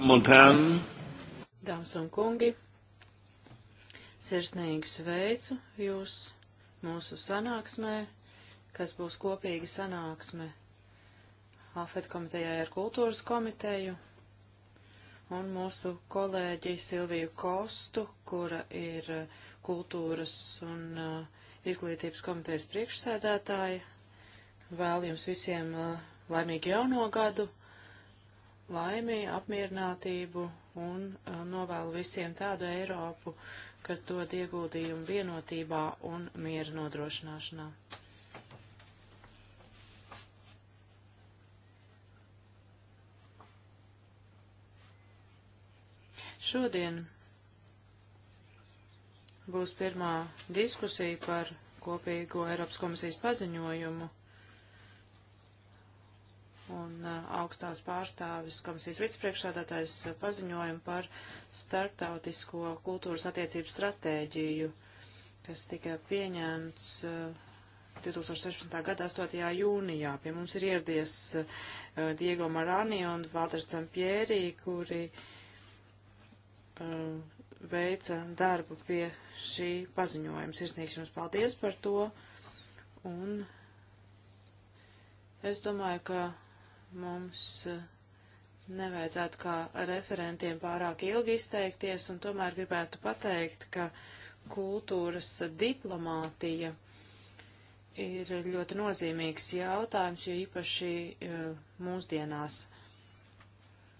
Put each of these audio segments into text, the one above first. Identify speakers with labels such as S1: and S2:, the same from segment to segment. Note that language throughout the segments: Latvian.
S1: Montēn. Dāmas un kungi, sirsnīgi sveicu jūs mūsu sanāksmē, kas būs kopīga sanāksme AFET komitejai ar kultūras komiteju un mūsu kolēģi Silviju Kostu, kura ir uh, kultūras un uh, izglītības komitejas priekšsēdētāja. Vēl jums visiem uh, laimīgu jauno gadu, laimi, apmierinātību un uh, novēlu visiem tādu Eiropu, kas dod ieguldījumu vienotībā un miera nodrošināšanā. Šodien būs pirmā diskusija par kopīgo Eiropas komisijas paziņojumu un uh, augstās pārstāvis komisijas vicepriekšsādātājs uh, paziņojumu par starptautisko kultūras attiecību stratēģiju, kas tika pieņemts 2016. Uh, gada 8. jūnijā. Pie mums ir ieradies Diego Marani un Valters Campierī, kuri veica darbu pie šī paziņojuma. Sirsnīgs jums paldies par to. Un es domāju, ka mums eh, nevajadzētu kā referentiem pārāk ilgi izteikties, un tomēr gribētu pateikt, ka kultūras diplomātija ir ļoti nozīmīgs jautājums, jo īpaši eh, mūsdienās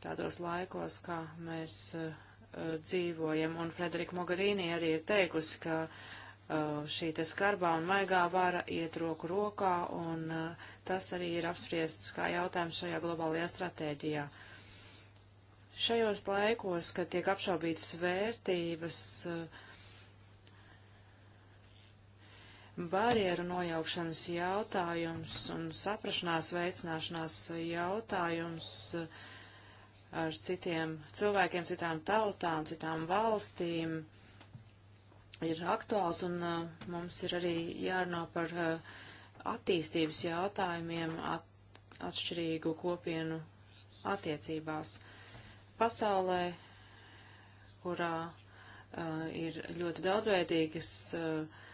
S1: tādos laikos, kā mēs eh, dzīvojam, un Frederika Mogarīni arī ir teikusi, ka uh, Uh, šī te skarbā un maigā vara iet roku rokā, un uh, tas arī ir apspriests kā jautājums šajā globālajā stratēģijā. Šajos laikos, kad tiek apšaubītas vērtības, uh, barjeru nojaukšanas jautājums un saprašanās veicināšanās jautājums ar citiem cilvēkiem, citām tautām, citām valstīm ir aktuāls, un uh, mums ir arī jārunā par uh, attīstības jautājumiem at, atšķirīgu kopienu attiecībās. Pasaulē, kurā uh, ir ļoti daudzveidīgas, uh,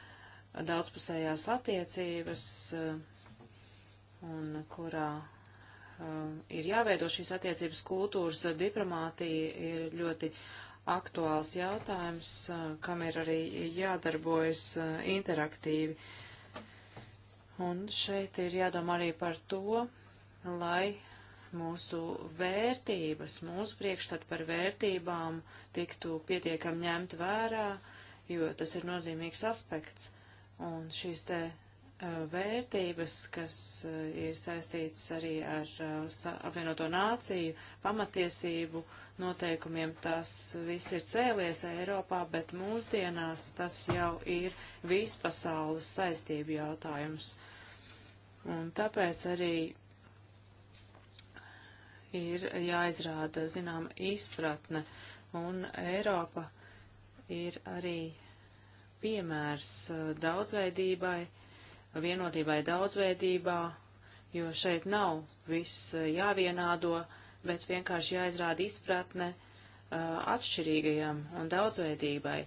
S1: daudzpusējās attiecības, uh, un kurā uh, ir jāveido šīs attiecības kultūras, uh, diplomātija ir ļoti aktuāls jautājums, kam ir arī jādarbojas interaktīvi. Un šeit ir jādomā arī par to, lai mūsu vērtības, mūsu priekšstat par vērtībām tiktu pietiekam ņemt vērā, jo tas ir nozīmīgs aspekts. Un šīs te Uh, vērtības, kas uh, ir saistītas arī ar uh, apvienoto nāciju pamatiesību noteikumiem. Tas viss ir cēlies Eiropā, bet mūsdienās tas jau ir vispasaules saistību jautājums. Un tāpēc arī ir jāizrāda zinām izpratne, un Eiropa ir arī piemērs daudzveidībai, uh, vienotībai daudzveidībā, jo šeit nav viss eh, jāvienādo, bet vienkārši jāizrāda izpratne uh, atšķirīgajam un daudzveidībai.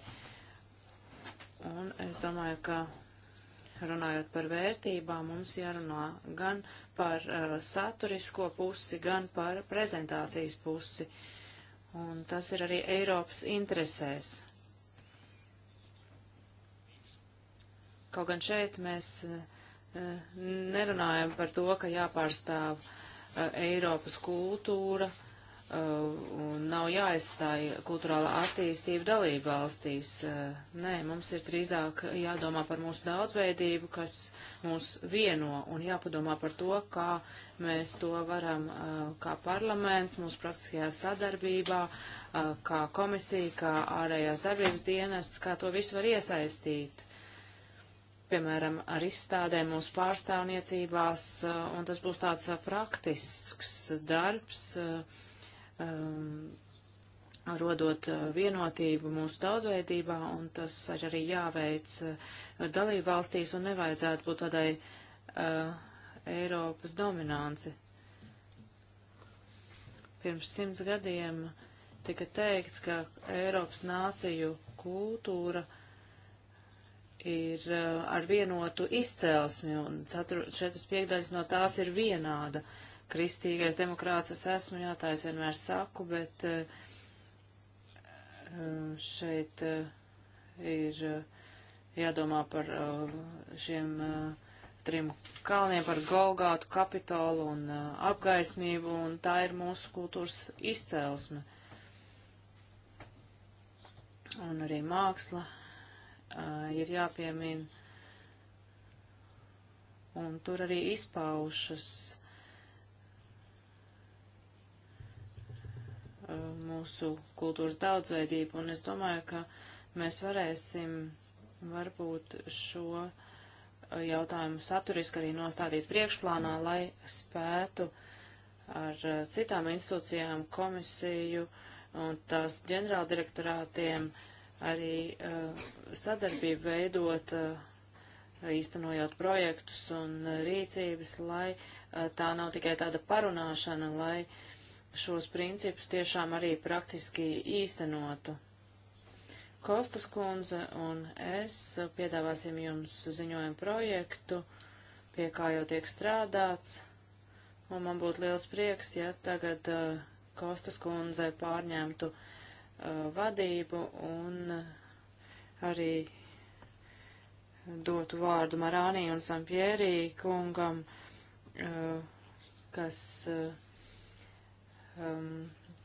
S1: Un es domāju, ka runājot par vērtībām, mums jārunā gan par uh, saturisko pusi, gan par prezentācijas pusi. Un tas ir arī Eiropas interesēs. Kaut gan šeit mēs eh, nerunājam par to, ka jāpārstāv eh, Eiropas kultūra eh, un nav jāaizstāj kultūrāla attīstība dalība valstīs. Nē, mums ir drīzāk jādomā par mūsu daudzveidību, kas mūs vieno, un jāpadomā par to, kā mēs to varam, kā parlaments, mūsu praktiskajā sadarbībā, kā komisija, kā ārējās darbības dienests, kā to visu var iesaistīt piemēram, ar izstādēm mūsu pārstāvniecībās, eh, un tas būs tāds eh, praktisks darbs, eh, um, rodot vienotību mūsu daudzveidībā, un tas ir arī jāveic dalību valstīs, un nevajadzētu būt tādai uh, Eiropas dominanci. Pirms simts gadiem tika teikts, ka Eiropas nāciju kultūra uh, ir uh, ar vienotu izcēlesmi, un 4 piekdaļas no tās ir vienāda. Kristīgais demokrāts es esmu, jā, tā es vienmēr saku, bet uh, uh, šeit ir jādomā par šiem trim kalniem, par Golgātu, Kapitolu un apgaismību, un tā ir mūsu kultūras izcēlesme. Un arī māksla ir jāpiemina, un tur arī izpaušas mūsu kultūras daudzveidību, un es domāju, ka mēs varēsim varbūt šo jautājumu saturiski arī nostādīt priekšplānā, lai spētu ar citām institūcijām, komisiju un tās ģenerāldirektorātiem uh, arī uh, sadarbību veidot, uh, īstenojot projektus un rīcības, lai uh, tā nav tikai tāda parunāšana, lai šos principus tiešām arī praktiski īstenotu. Kostas kundze un es piedāvāsim jums ziņojumu projektu, pie kā jau tiek strādāts, un man būtu liels prieks, ja tagad uh, Kostas kundze pārņemtu uh, Uh, vadību un arī dotu vārdu Marānī un Sampierī kungam, uh, kas uh, um,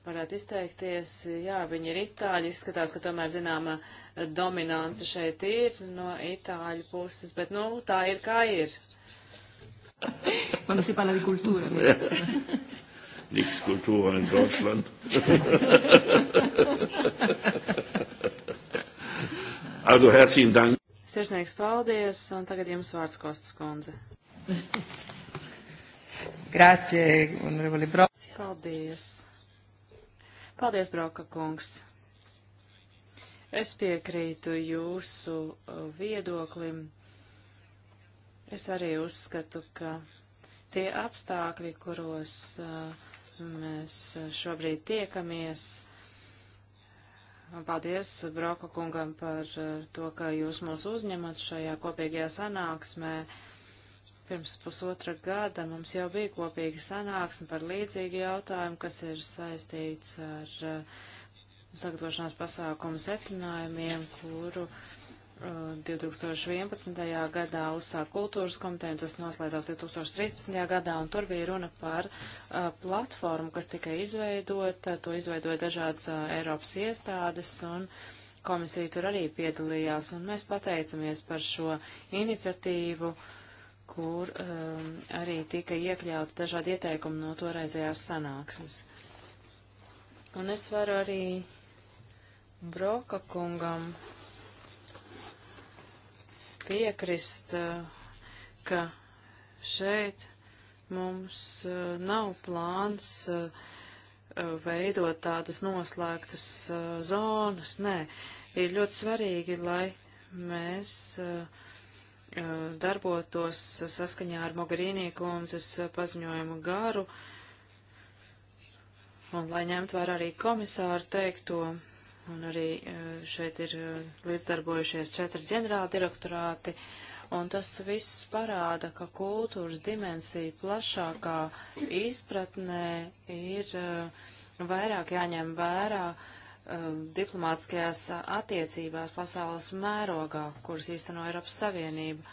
S1: varētu izteikties, jā, viņi ir itāļi, izskatās, ka tomēr zināma dominance šeit ir no itāļu puses, bet, nu, tā ir kā ir. Cuando soy para la agricultura.
S2: Nix Kultura in Deutschland. also herzlichen Dank.
S3: Sirsnieks
S1: paldies, un tagad jums vārds Kostas kundze. Grācie, un Revoli Broks. Paldies. Paldies, Broka kungs. Es piekrītu jūsu uh, viedoklim. Es arī uzskatu, ka tie apstākļi, kuros uh, Mēs šobrīd tiekamies. Paldies Broka kungam par uh, to, ka jūs mūs uzņemat šajā kopīgajā sanāksmē. Pirms pusotra gada mums jau bija kopīga sanāksme par līdzīgu jautājumu, kas ir saistīts ar uh, sagatavošanās pasākumu secinājumiem, kuru uh, 2011. Uh, gadā uzsāk kultūras komiteju, un tas noslēdzās 2013. gadā, un tur bija runa par uh, platformu, kas tika izveidota, to izveidoja dažādas uh, Eiropas iestādes, un komisija tur arī piedalījās, un mēs pateicamies par šo iniciatīvu, kur um, arī tika iekļauti dažādi ieteikumi no toreizējās sanāksmes. Un es varu arī Broka kungam piekrist, eh, ka šeit mums eh, nav plāns eh, veidot tādas noslēgtas zonas. Nē, ir ļoti svarīgi, lai mēs darbotos saskaņā ar Mogarīnī kundzes paziņojumu garu, un lai ņemt vērā arī komisāru teikto, Un arī eh, šeit ir eh, līdzdarbojušies četri ģenerāla direktorāti. Un tas viss parāda, ka kultūras dimensija plašākā izpratnē ir eh, vairāk jāņem vērā diplomātiskajās attiecībās pasaules mērogā, kuras īsteno Eiropas Savienība.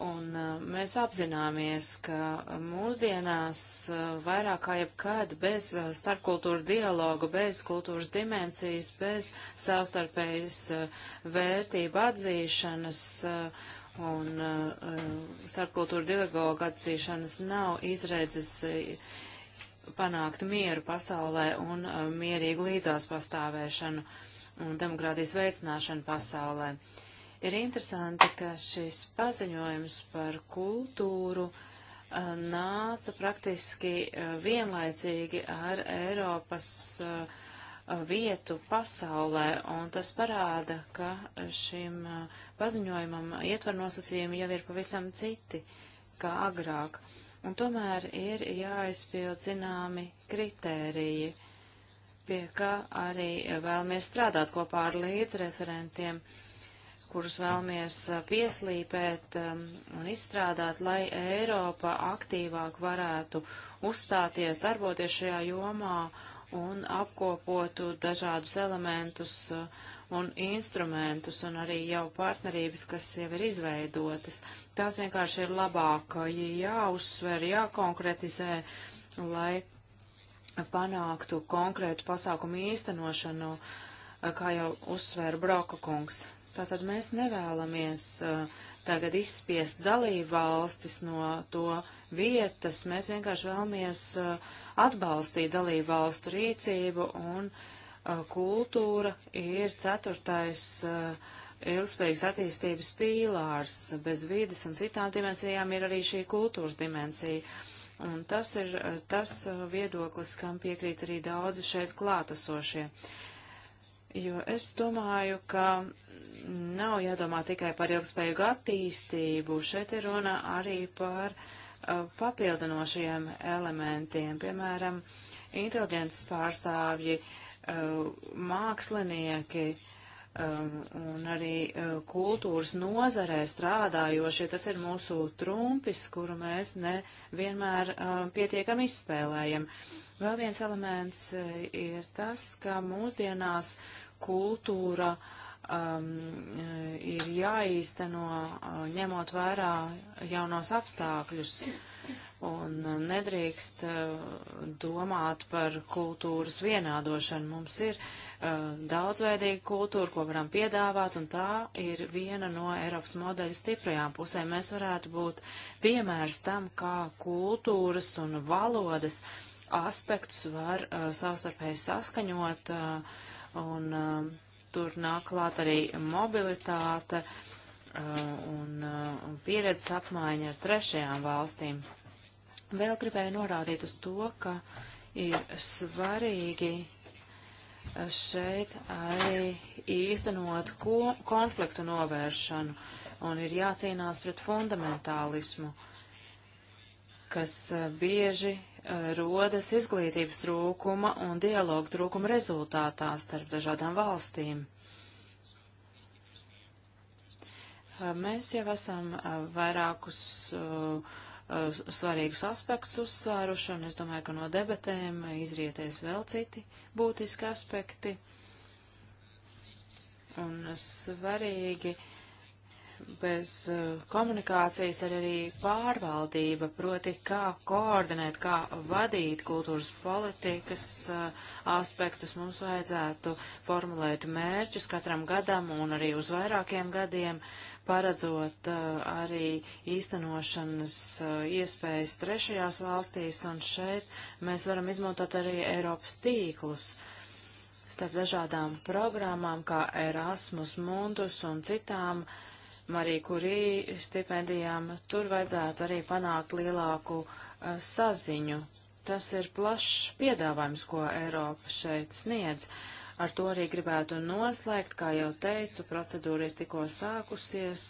S1: Un uh, mēs apzināmies, ka mūsdienās uh, vairāk kā jebkad bez uh, starpkultūra dialoga, bez kultūras dimensijas, bez savstarpējas vērtību atzīšanas un starpkultūra dialoga atzīšanas nav izredzes panākt mieru pasaulē un mierīgu līdzās pastāvēšanu un demokrātijas veicināšanu pasaulē. Uh, Ir interesanti, ka šis paziņojums par kultūru uh, nāca praktiski uh, vienlaicīgi ar Eiropas uh, vietu pasaulē, un tas parāda, ka šim uh, paziņojumam ietver nosacījumi jau ir pavisam citi kā agrāk, un tomēr ir jāizpild zināmi kritēriji pie kā arī vēlamies strādāt kopā ar līdzreferentiem. Uh, kurus vēlamies uh, pieslīpēt um, un izstrādāt, lai Eiropa aktīvāk varētu uzstāties, darboties šajā jomā un apkopotu dažādus elementus uh, un instrumentus un arī jau partnerības, kas jau ir izveidotas. Tās vienkārši ir labāk uh, jāuzsver, jākonkretizē, lai panāktu konkrētu pasākumu īstenošanu, kā jau uzsver Broka kungs. Tātad mēs nevēlamies uh, tagad izspiest dalību valstis no to vietas, mēs vienkārši vēlamies uh, atbalstīt dalību valstu rīcību un uh, kultūra ir ceturtais uh, ilgspējīgas attīstības pīlārs. Bez vīdes un citām dimensijām ir arī šī kultūras dimensija. Un tas ir uh, tas uh, viedoklis, kam piekrīt arī daudzi šeit klātesošie. Uh, jo es domāju, ka nav jādomā tikai par ilgspējīgu attīstību. Šeit ir runa arī par uh, papildinošiem elementiem, piemēram, inteliģences pārstāvji, uh, mākslinieki um, un arī uh, kultūras nozarē strādājošie. Tas ir mūsu trumpis, kuru mēs nevienmēr uh, pietiekam izspēlējam. Uh, Vēl viens elements eh, ir tas, ka mūsdienās kultūra um, eh, ir jāīsteno eh, ņemot vērā jaunos apstākļus un nedrīkst uh, domāt par kultūras vienādošanu. Mums ir uh, daudzveidīga kultūra, ko varam piedāvāt, un tā ir viena no Eiropas modeļa stiprajām pusēm. Mēs varētu būt piemērs tam, kā kultūras un valodas uh, aspektus var uh, savstarpēji saskaņot, uh, un uh, tur nāk klāt arī mobilitāte uh, un, uh, un pieredzes apmaiņa ar trešajām valstīm. Vēl gribēju norādīt uz to, ka ir svarīgi uh, šeit arī īstenot ko, konfliktu novēršanu un ir jācīnās pret fundamentālismu, kas uh, bieži rodas izglītības trūkuma un dialogu trūkuma rezultātā starp dažādām valstīm. Mēs jau esam vairākus svarīgus aspektus uzsvēruši, un es domāju, ka no debatēm izrietēs vēl citi būtiski aspekti. Un svarīgi uh, bez eh, komunikācijas ir arī pārvaldība, proti kā koordinēt, kā vadīt kultūras politikas eh, aspektus. Mums vajadzētu formulēt mērķus katram gadam un arī uz vairākiem gadiem, paredzot eh, arī īstenošanas iespējas trešajās valstīs, un šeit mēs varam izmantot arī Eiropas tīklus starp dažādām programmām, kā Erasmus Mundus un citām uh, Marija Kurī stipendijām, tur vajadzētu arī panākt lielāku uh, saziņu. Tas ir plašs piedāvājums, ko Eiropa šeit sniedz. Ar to arī gribētu noslēgt, kā jau teicu, procedūra ir tikko sākusies,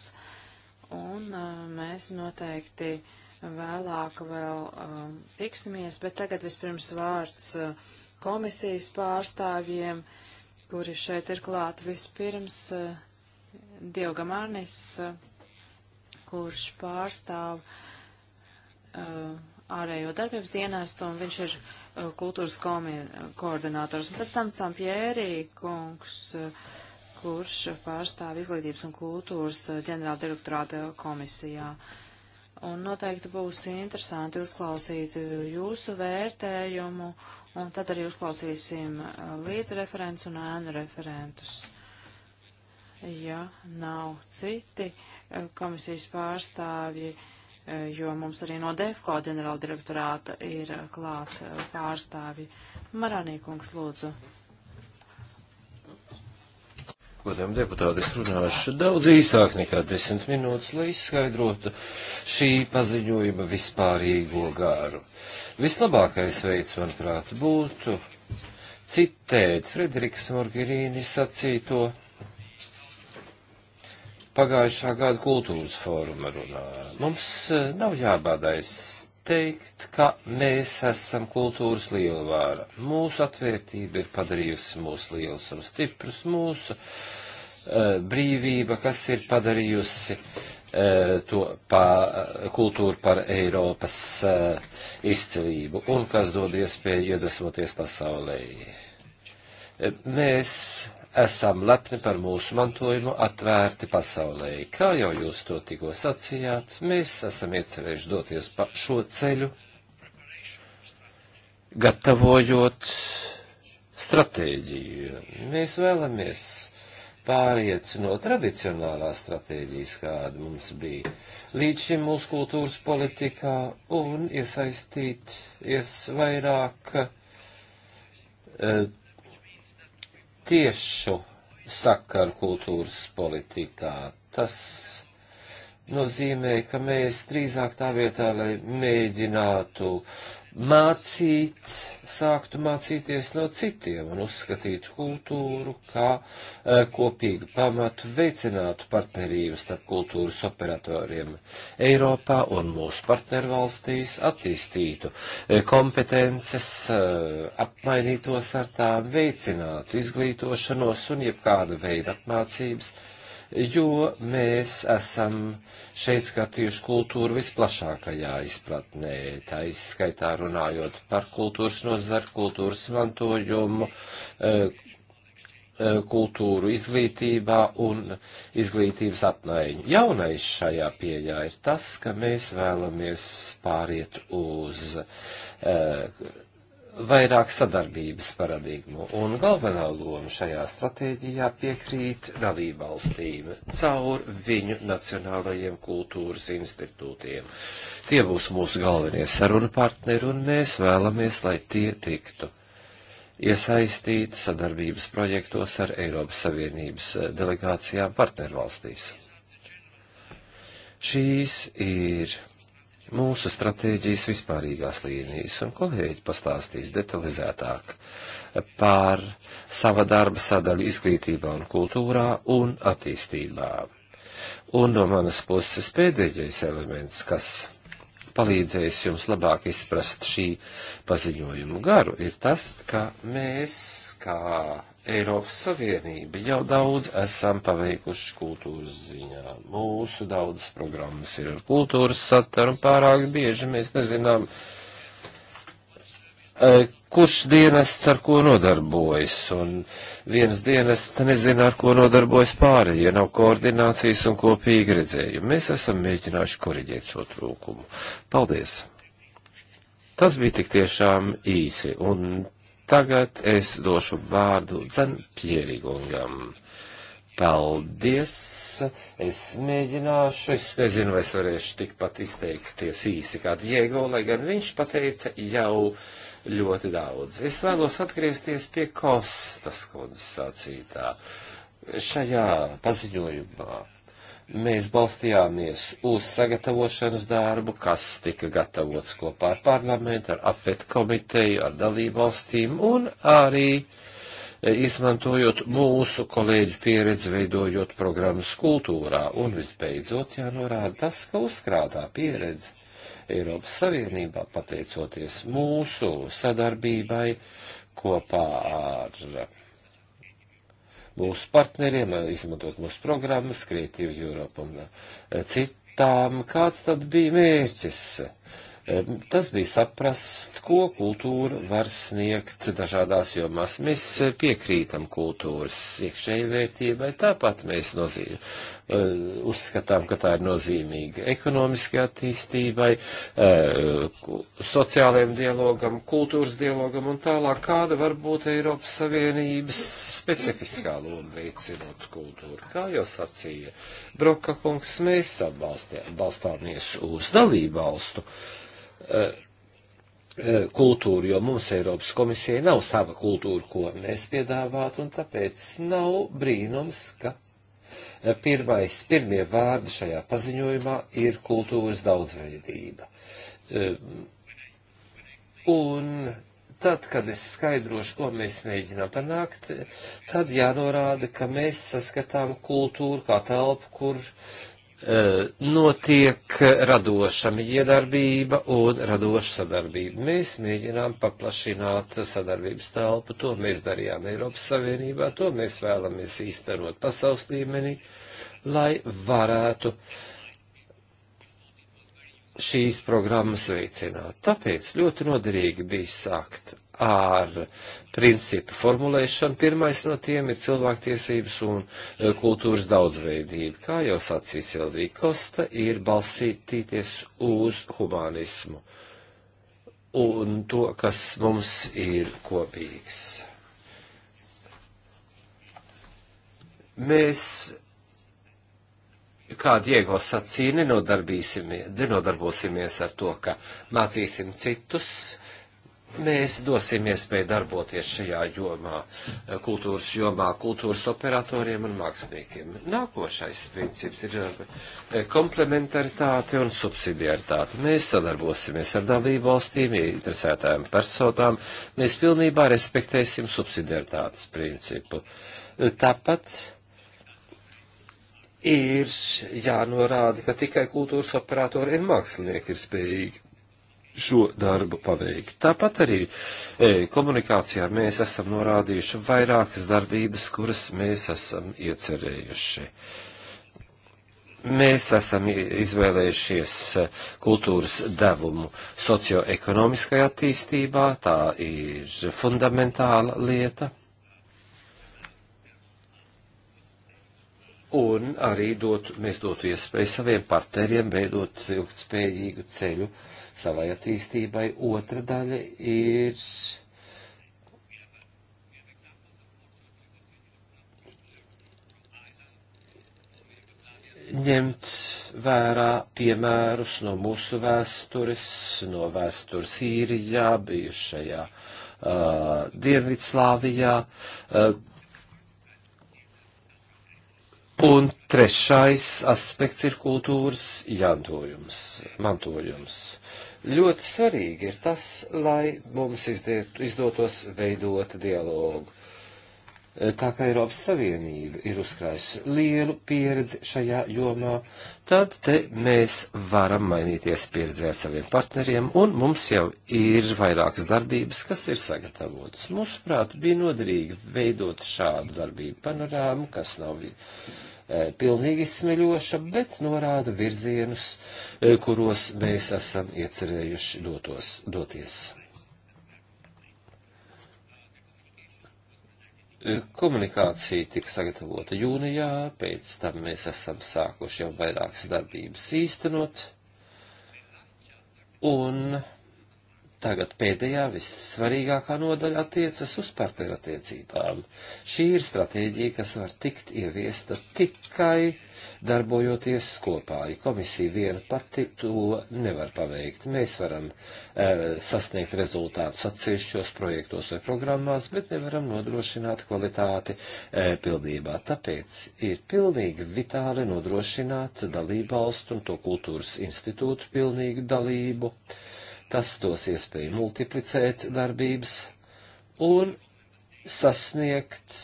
S1: un uh, mēs noteikti vēlāk vēl uh, tiksimies, bet tagad vispirms vārds komisijas pārstāvjiem, kuri šeit ir klāt vispirms. Uh, Diogamānis, kurš pārstāv uh, ārējo darbības dienestu, un viņš ir uh, kultūras koordinators. Un pēc tam Campjērī kungs, uh, kurš pārstāv izglītības un kultūras uh, ģenerāla direktorāta komisijā. Un noteikti būs interesanti uzklausīt uh, jūsu vērtējumu, un tad arī uzklausīsim uh, līdzreferents un ēnu referentus ja nav citi eh, komisijas pārstāvji, eh, jo mums arī no DEFCO ģenerāla direktorāta ir eh, klāt pārstāvji. Marānī kungs, lūdzu.
S2: Godam deputāti, es runāšu daudz īsāk nekā desmit minūtes, lai izskaidrotu šī paziņojuma vispārīgo gāru. Vislabākais veids, manuprāt, būtu citēt Frederiks Morgerīni sacīto pagājušā gada kultūras fóruma runā. Mums e, nav jābādais teikt, ka mēs esam kultūras lielvāra. Mūsu atvērtība ir padarījusi mūs lielus un stiprus, mūsu uh, brīvība, kas ir padarījusi uh, to pa, kultūru par Eiropas uh, izcilību un kas dod iespēju iedvesmoties pasaulē. Mēs esam lepni par mūsu mantojumu atvērti pasaulē. Kā jau jūs to tikko sacījāt, mēs esam iecerējuši doties pa šo ceļu, gatavojot stratēģiju. Mēs vēlamies pāriet no tradicionālās stratēģijas, kāda mums bija līdz šim mūsu kultūras politikā, un iesaistīties vairāk eh, tiešu sakaru kultūras politikā. Tas nozīmē, ka mēs drīzāk tā vietā, lai mēģinātu mācīt, sāktu mācīties no citiem un uzskatītu kultūru kā e, kopīgu pamatu, veicinātu partnerību starp kultūras operatoriem Eiropā un mūsu partnervalstīs, attīstītu e, kompetences, e, apmainītos ar tām, veicinātu izglītošanos un jebkāda veida apmācības. E, jo mēs esam šeit skatījuši kultūru visplašākajā izpratnē, tā izskaitā runājot par kultūras nozaru, kultūras mantojumu, e, e, kultūru izglītībā un izglītības apmaiņu. Jaunais šajā pieejā ir tas, ka mēs vēlamies pāriet uz uh, vairāk sadarbības paradigmu, un galvenā loma šajā stratēģijā piekrīt dalībvalstīm caur viņu nacionālajiem kultūras institūtiem. Tie būs mūsu galvenie saruna partneri, un mēs vēlamies, lai tie tiktu iesaistīti sadarbības projektos ar Eiropas Savienības eh, delegācijām partnervalstīs. Šīs ir mūsu stratēģijas vispārīgās līnijas, un kolēģi pastāstīs detalizētāk par sava darba sadaļu izglītībā un kultūrā un attīstībā. Un no manas puses pēdējais elements, kas palīdzējis jums labāk izprast šī paziņojuma garu, ir tas, ka mēs kā Eiropas Savienība jau daudz esam paveikuši kultūras ziņā. Mūsu daudzas programmas ir ar kultūras saturu un pārāk bieži mēs nezinām, e, kurš dienests ar ko nodarbojas, un viens dienests nezina, ar ko nodarbojas pārējie, ja nav koordinācijas un kopīgi redzējumi. Mēs esam mēģinājuši koriģēt šo trūkumu. Paldies! Tas bija tik tiešām īsi, un Tagad es došu vārdu Dzanpierīgungam. Paldies! Es mēģināšu, es nezinu, vai es varēšu tikpat izteikties īsi kā Diego, lai gan viņš pateica jau ļoti daudz. Es vēlos atgriezties pie Kostas kundzes sacītā. Šajā paziņojumā mēs balstījāmies uz sagatavošanas darbu, kas tika gatavots kopā ar parlamentu, ar apet komiteju, ar dalībvalstīm un arī e, izmantojot mūsu kolēģu pieredzi, veidojot programmas kultūrā. Un visbeidzot, jānorāda tas, ka uzkrātā pieredze Eiropas Savienībā, pateicoties mūsu sadarbībai kopā ar mūsu partneriem, izmantot mūsu programmas, Creative Europe un eh, citām. Kāds tad bija mērķis? Uh, Tas bija saprast, ko kultūra var sniegt dažādās jomās. Mēs e, piekrītam kultūras iekšēji vērtībai, tāpat mēs nozī, e, uzskatām, ka tā ir nozīmīga ekonomiskai attīstībai, e, sociālajiem dialogam, kultūras dialogam un tālāk, kāda var būt Eiropas Savienības specifiskā loma veicinot kultūru. Kā jau sacīja Broka kungs, mēs atbalstāmies uz dalību valstu. Uh, Eh, eh, kultūru, jo mums Eiropas komisijai nav sava kultūra, ko mēs piedāvātu, un tāpēc nav brīnums, ka eh, pirmais, pirmie vārdi šajā paziņojumā ir kultūras daudzveidība. Un tad, kad es skaidrošu, ko mēs mēģinām panākt, tad jānorāda, ka mēs saskatām kultūru kā telpu, kur Eh, notiek radoša miedarbība un radoša sadarbība. Mēs mēģinām paplašināt sadarbības telpu, to mēs darījām Eiropas Savienībā, to mēs vēlamies īstenot pasaules līmenī, lai varētu šīs programmas veicināt. Tāpēc ļoti noderīgi bija sākt ar principu formulēšanu. Pirmais no tiem ir cilvēktiesības un e, kultūras daudzveidība. Kā jau sacīja Silvija Kosta, ir balsītīties uz humanismu un to, kas mums ir kopīgs. Mēs kā Diego sacīja, nenodarbosimies ar to, ka mācīsim citus, Mēs dosim iespēju darboties šajā jomā, kultūras jomā, kultūras operatoriem un māksliniekiem. Nākošais princips ir eh, komplementaritāte un subsidiaritāte. Mēs sadarbosimies ar dalību valstīm, interesētājiem personām. Mēs pilnībā respektēsim subsidiaritātes principu. Tāpat ir jānorāda, ka tikai kultūras operatori un mākslinieki ir spējīgi šo darbu paveikt. Tāpat arī e, komunikācijā mēs esam norādījuši vairākas darbības, kuras mēs esam iecerējuši. Mēs esam izvēlējušies e, kultūras devumu socioekonomiskajā attīstībā, tā ir fundamentāla lieta. Un arī dotu, mēs dotu iespēju saviem partneriem veidot ilgtspējīgu ceļu uh, savai attīstībai. Otra daļa ir. ņemt vērā piemērus no mūsu vēstures, no vēstures Sīrijā, bijušajā uh, Dienvidslāvijā, uh, Un trešais aspekts ir kultūras jādojums, mantojums. Ļoti svarīgi ir tas, lai mums izdiet, izdotos veidot dialogu Eh, tā kā Eiropas Savienība ir uzkrājusi lielu pieredzi šajā jomā, tad te mēs varam mainīties pieredzē ar saviem partneriem, un mums jau ir vairākas darbības, kas ir sagatavotas. Mūsuprāt, bija noderīgi veidot šādu darbību panorāmu, kas nav e, pilnīgi izsmeļoša, bet norāda virzienus, e, kuros mēs esam iecerējuši dotos, doties. E, komunikācija tiks sagatavota jūnijā, pēc tam mēs esam sākuši jau vairākas darbības īstenot, un Tagad pēdējā vissvarīgākā nodaļa attiecas uz partnerattiecībām. Šī ir stratēģija, kas var tikt ieviesta tikai darbojoties kopā. Ja komisija viena pati to nevar paveikt. Mēs varam e, sasniegt rezultātus atsevišķos projektos vai programmās, bet nevaram nodrošināt kvalitāti e, pildībā. Tāpēc ir pilnīgi vitāli nodrošināt dalībvalstu un to kultūras institūtu pilnīgu dalību. E, Tas dos iespēju multiplicēt darbības un sasniegt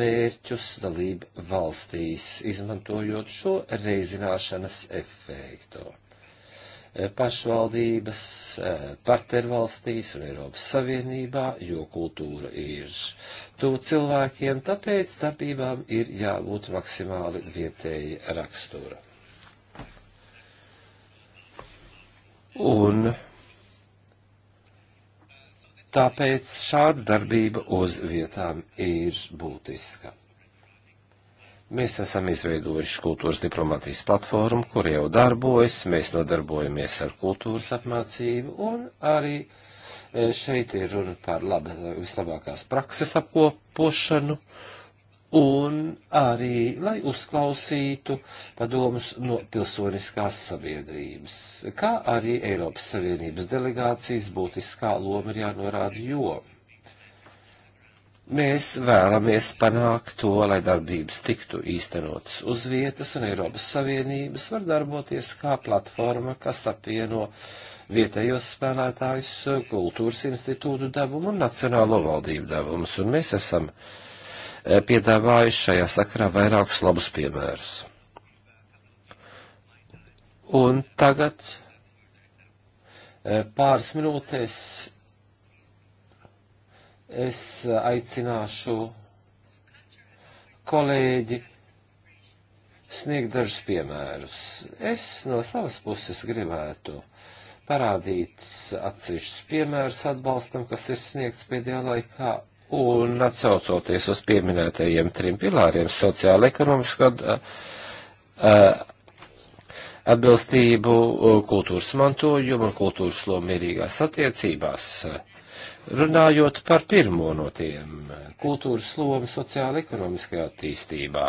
S2: mērķus dalību valstīs, izmantojot šo reizināšanas efektu. Pašvaldības, eh, partnervalstīs un Eiropas Savienībā, jo kultūra ir tuvu cilvēkiem, tāpēc darbībām ir jābūt maksimāli vietēji rakstura. Un Tāpēc šāda darbība uz vietām ir būtiska. Mēs esam izveidojuši kultūras diplomātijas platformu, kur jau darbojas, mēs nodarbojamies ar kultūras apmācību un arī e, šeit ir runa par laba, vislabākās prakses apkopošanu. Uh, un arī, lai uzklausītu padomus no pilsoniskās sabiedrības, kā arī Eiropas Savienības delegācijas būtiskā loma ir jānorāda, jo mēs vēlamies panākt to, lai darbības tiktu īstenotas uz vietas, un Eiropas Savienības var darboties kā platforma, kas apvieno vietējos spēlētājus, kultūras institūtu devumu un nacionālo valdību devumus, un mēs esam uh, Eh, piedāvājuši šajā sakarā vairākus labus piemērus. Un tagad eh, pāris minūtēs es aicināšu kolēģi sniegt dažus piemērus. Es no savas puses gribētu parādīt atsevišķus piemērus atbalstam, kas ir sniegts pēdējā laikā, Un atsaucoties uz pieminētajiem trim pilāriem - sociāla, ekonomiska atbilstību, kultūras mantojumu un kultūras lomu mierīgās attiecībās. Runājot par pirmo no tiem - kultūras lomu sociāla ekonomiskajā attīstībā.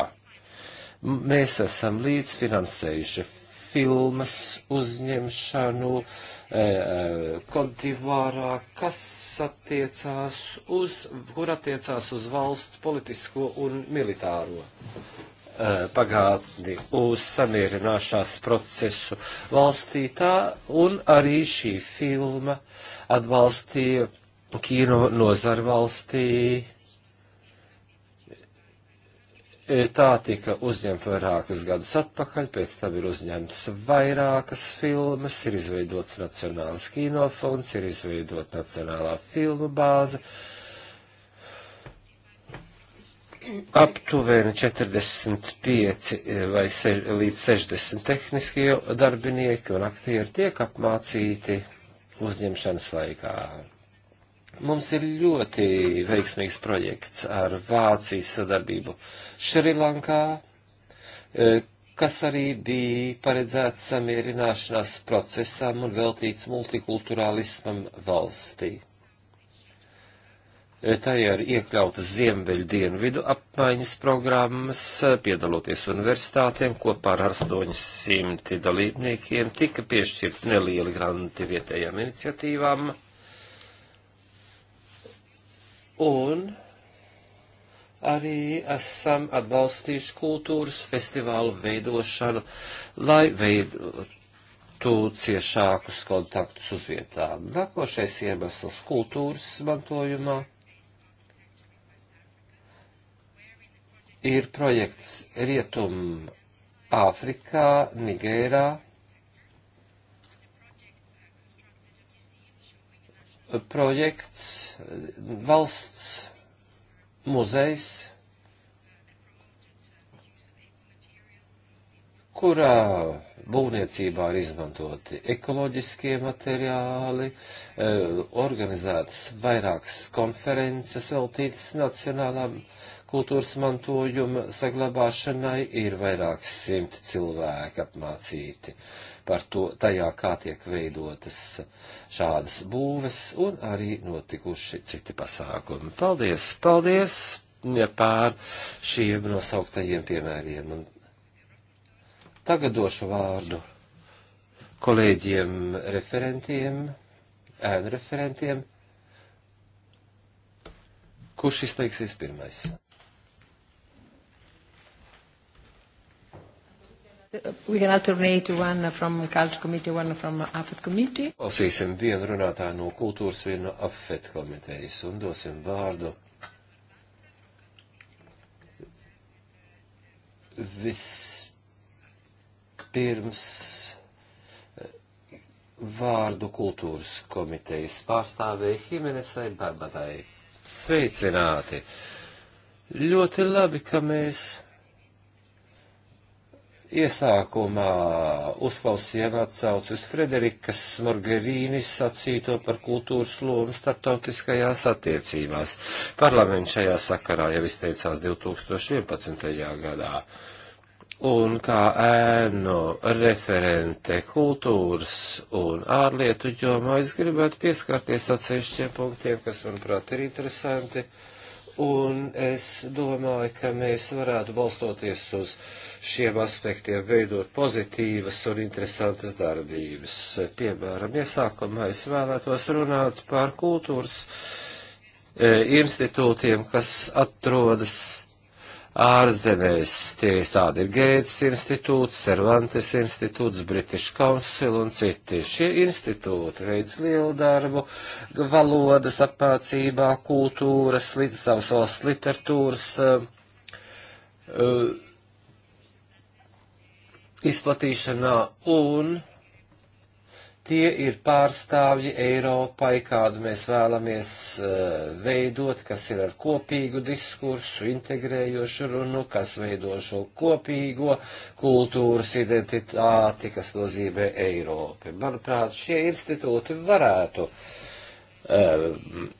S2: Mēs esam līdzfinansējuši filmas uzņemšanu, uh, Eh, eh, Kodivārā, kas attiecās uz, kur attiecās uz valsts politisko un militāro eh, pagātni, uz samierināšanās procesu valstī tā, un arī šī filma atbalstīja kino nozar valstī E, tā tika uzņemta vairākus gadus atpakaļ, pēc tam ir uzņemts vairākas filmas, ir izveidots Nacionāls kinofons, ir izveidot Nacionālā filmu bāze. Aptuveni 45 e, vai sež, līdz 60 tehniskie darbinieki un aktieri tiek apmācīti uzņemšanas laikā. Mums ir ļoti veiksmīgs projekts ar Vācijas sadarbību Šrilankā, e, kas arī bija paredzēts samierināšanās procesam un veltīts multikulturālismam valstī. E, tā ir iekļautas Ziemveļu dienvidu apmaiņas programmas, e, piedaloties universitātiem, kopā ar 800 dalībniekiem tika piešķirt nelieli granti vietējām iniciatīvām. Un arī esam atbalstījuši kultūras festivālu veidošanu, lai veidotu ciešākus kontaktus uz vietām. Nākošais iemesls kultūras mantojumā ir projekts Rietum Āfrikā, Nigērā, projekts, valsts muzejs kurā būvniecībā ir izmantoti ekoloģiskie materiāli, e, organizētas vairākas konferences veltītas nacionālām kultūras mantojuma saglabāšanai, ir vairāki simti cilvēki apmācīti par to, tajā kā tiek veidotas šādas būves un arī notikuši citi pasākumi. Paldies, paldies! pār šiem nosauktajiem piemēriem un Tagad došu vārdu kolēģiem referentiem, ēnu referentiem. Kurš izteiksies pirmais?
S1: We can alternate one from Culture Committee, one from AFET Committee.
S2: Klausīsim vienu runātāju no kultūras, vienu no AFET komitejas un dosim vārdu viss Pirms eh, vārdu kultūras komitejas pārstāvēja Himenesai Barbatai. Sveicināti! Ļoti labi, ka mēs iesākumā uzklausījām atsauci uz Frederikas Morgerīnis sacīto par kultūras lomu startautiskajās attiecībās. Parlaments šajā sakarā jau izteicās 2011. gadā. Un kā ēnu referente kultūras un ārlietu jomā es gribētu pieskarties atsevišķiem punktiem, kas, manuprāt, ir interesanti. Un es domāju, ka mēs varētu balstoties uz šiem aspektiem veidot pozitīvas un interesantas darbības. Piemēram, iesākumā es vēlētos runāt par kultūras e, institūtiem, kas atrodas ārzemēs. Tie tādi ir Gētas institūts, Cervantes institūts, British Council un citi. Šie institūti veids lielu darbu valodas apmācībā, kultūras, līdz savas valsts literatūras. Uh, izplatīšanā un Tie ir pārstāvji Eiropai, kādu mēs vēlamies eh, veidot, kas ir ar kopīgu diskursu, integrējošu runu, kas veido šo kopīgo kultūras identitāti, kas nozīmē Eiropu. Manuprāt, šie institūti varētu uh, Eh,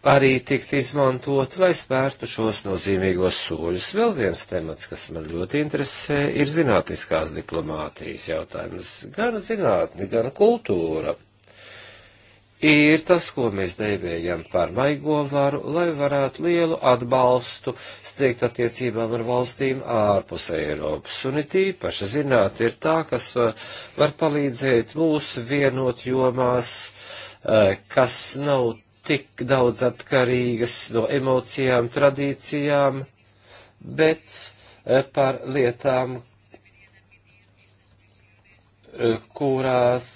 S2: arī tikt izmantot, lai spērtu šos nozīmīgos soļus. Vēl viens temats, kas man ļoti interesē, ir zinātniskās diplomātijas jautājums. Gan zinātni, gan kultūra ir tas, ko mēs dēvējam par maigo varu, lai varētu lielu atbalstu sniegt attiecībām ar valstīm ārpus Eiropas. Un it īpaši zināt, ir tā, kas var, var palīdzēt mūs vienot jomās, eh, kas nav tik daudz atkarīgas no emocijām, tradīcijām, bet eh, par lietām, eh, kurās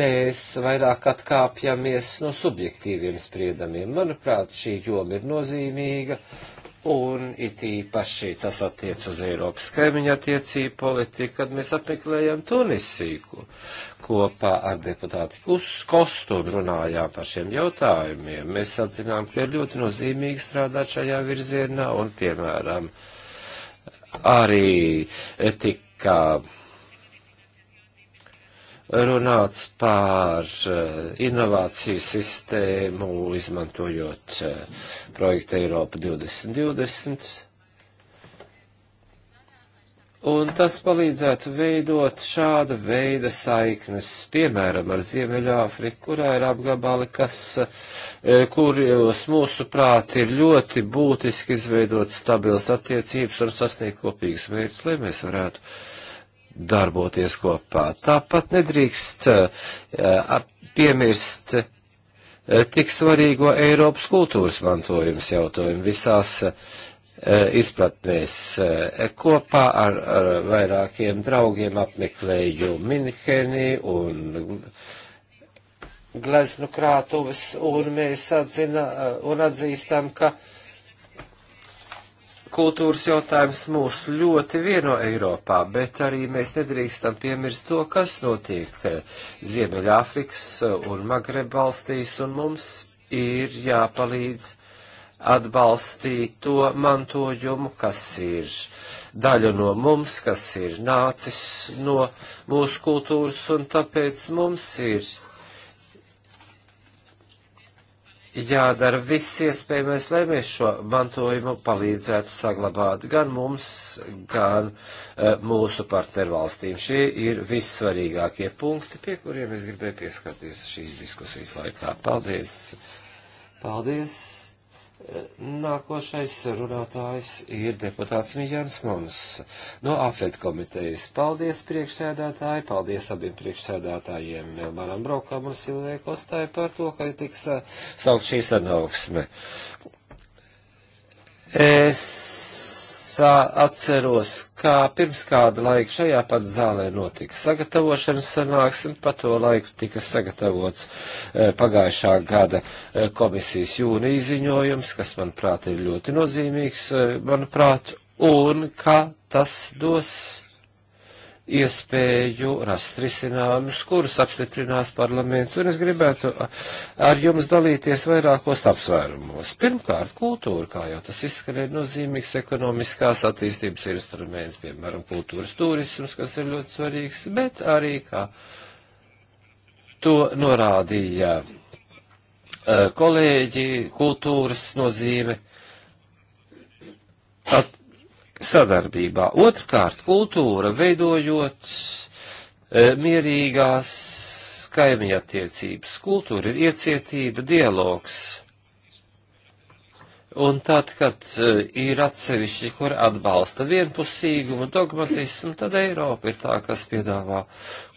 S2: mēs vairāk atkāpjamies no subjektīviem spriedumiem. Manuprāt, šī joma ir nozīmīga, Un it īpaši tas attiec uz Eiropas kaimiņa attiecību politiku, kad mēs apmeklējam Tunisiju kopā ar deputāti Kuskostu un runājām par šiem jautājumiem. Mēs atzinām, ka ir ļoti nozīmīgi strādāt šajā virzienā un, piemēram, arī tika runāts par eh, inovāciju sistēmu, izmantojot eh, projektu Eiropa 2020. Un tas palīdzētu veidot šāda veida saiknes, piemēram, ar Ziemeļāfriku, kurā ir apgabali, kas, eh, kuros mūsu prāti ir ļoti būtiski izveidot stabils attiecības un sasniegt kopīgas mērķus, lai mēs varētu uh, darboties kopā. Tāpat nedrīkst eh, piemirst eh, tik svarīgo Eiropas kultūras mantojums jautājumu visās eh, izpratnēs. Kopā ar, ar vairākiem draugiem apmeklēju Minheni un Gleznu krātuves, un mēs atzina, un atzīstam, ka uh, kultūras jautājums mūs ļoti vieno Eiropā, bet arī mēs nedrīkstam piemirst to, kas notiek eh, Ziemeļāfrikas eh, un Magreb valstīs, un mums ir jāpalīdz atbalstīt to mantojumu, kas ir daļa no mums, kas ir nācis no mūsu kultūras, un tāpēc mums ir jādara viss iespējamais, lai mēs šo mantojumu palīdzētu saglabāt gan mums, gan uh, mūsu partnervalstīm. Šie ir vissvarīgākie punkti, pie kuriem es gribēju pieskarties šīs diskusijas laikā. Paldies! Paldies! Nākošais runātājs ir deputāts Mijans Mons no AFET komitejas. Paldies priekšsēdētāji, paldies abiem priekšsēdētājiem Melmaram Braukam un Silvē Kostai par to, ka tiks uh, saukt šī sanauksme. Es atceros, kā pirms kāda laika šajā pat zālē notika sagatavošanas sanāksme, pa to laiku tika sagatavots pagājušā gada komisijas jūnija ziņojums, kas, manuprāt, ir ļoti nozīmīgs, manuprāt, un kā tas dos iespēju rast risinājumus, kurus apstiprinās parlaments, un es gribētu ar jums dalīties vairākos apsvērumos. Pirmkārt, kultūra, kā jau tas izskanēja, nozīmīgs ekonomiskās attīstības instruments, piemēram, kultūras turisms, kas ir ļoti svarīgs, bet arī, kā to norādīja kolēģi, kultūras nozīme. At sadarbībā. Otrkārt, kultūra veidojot e, mierīgās kaimiņa attiecības. Kultūra ir iecietība, dialogs. Un tad, kad e, ir atsevišķi, kur atbalsta vienpusīgumu, dogmatismu, tad Eiropa ir tā, kas piedāvā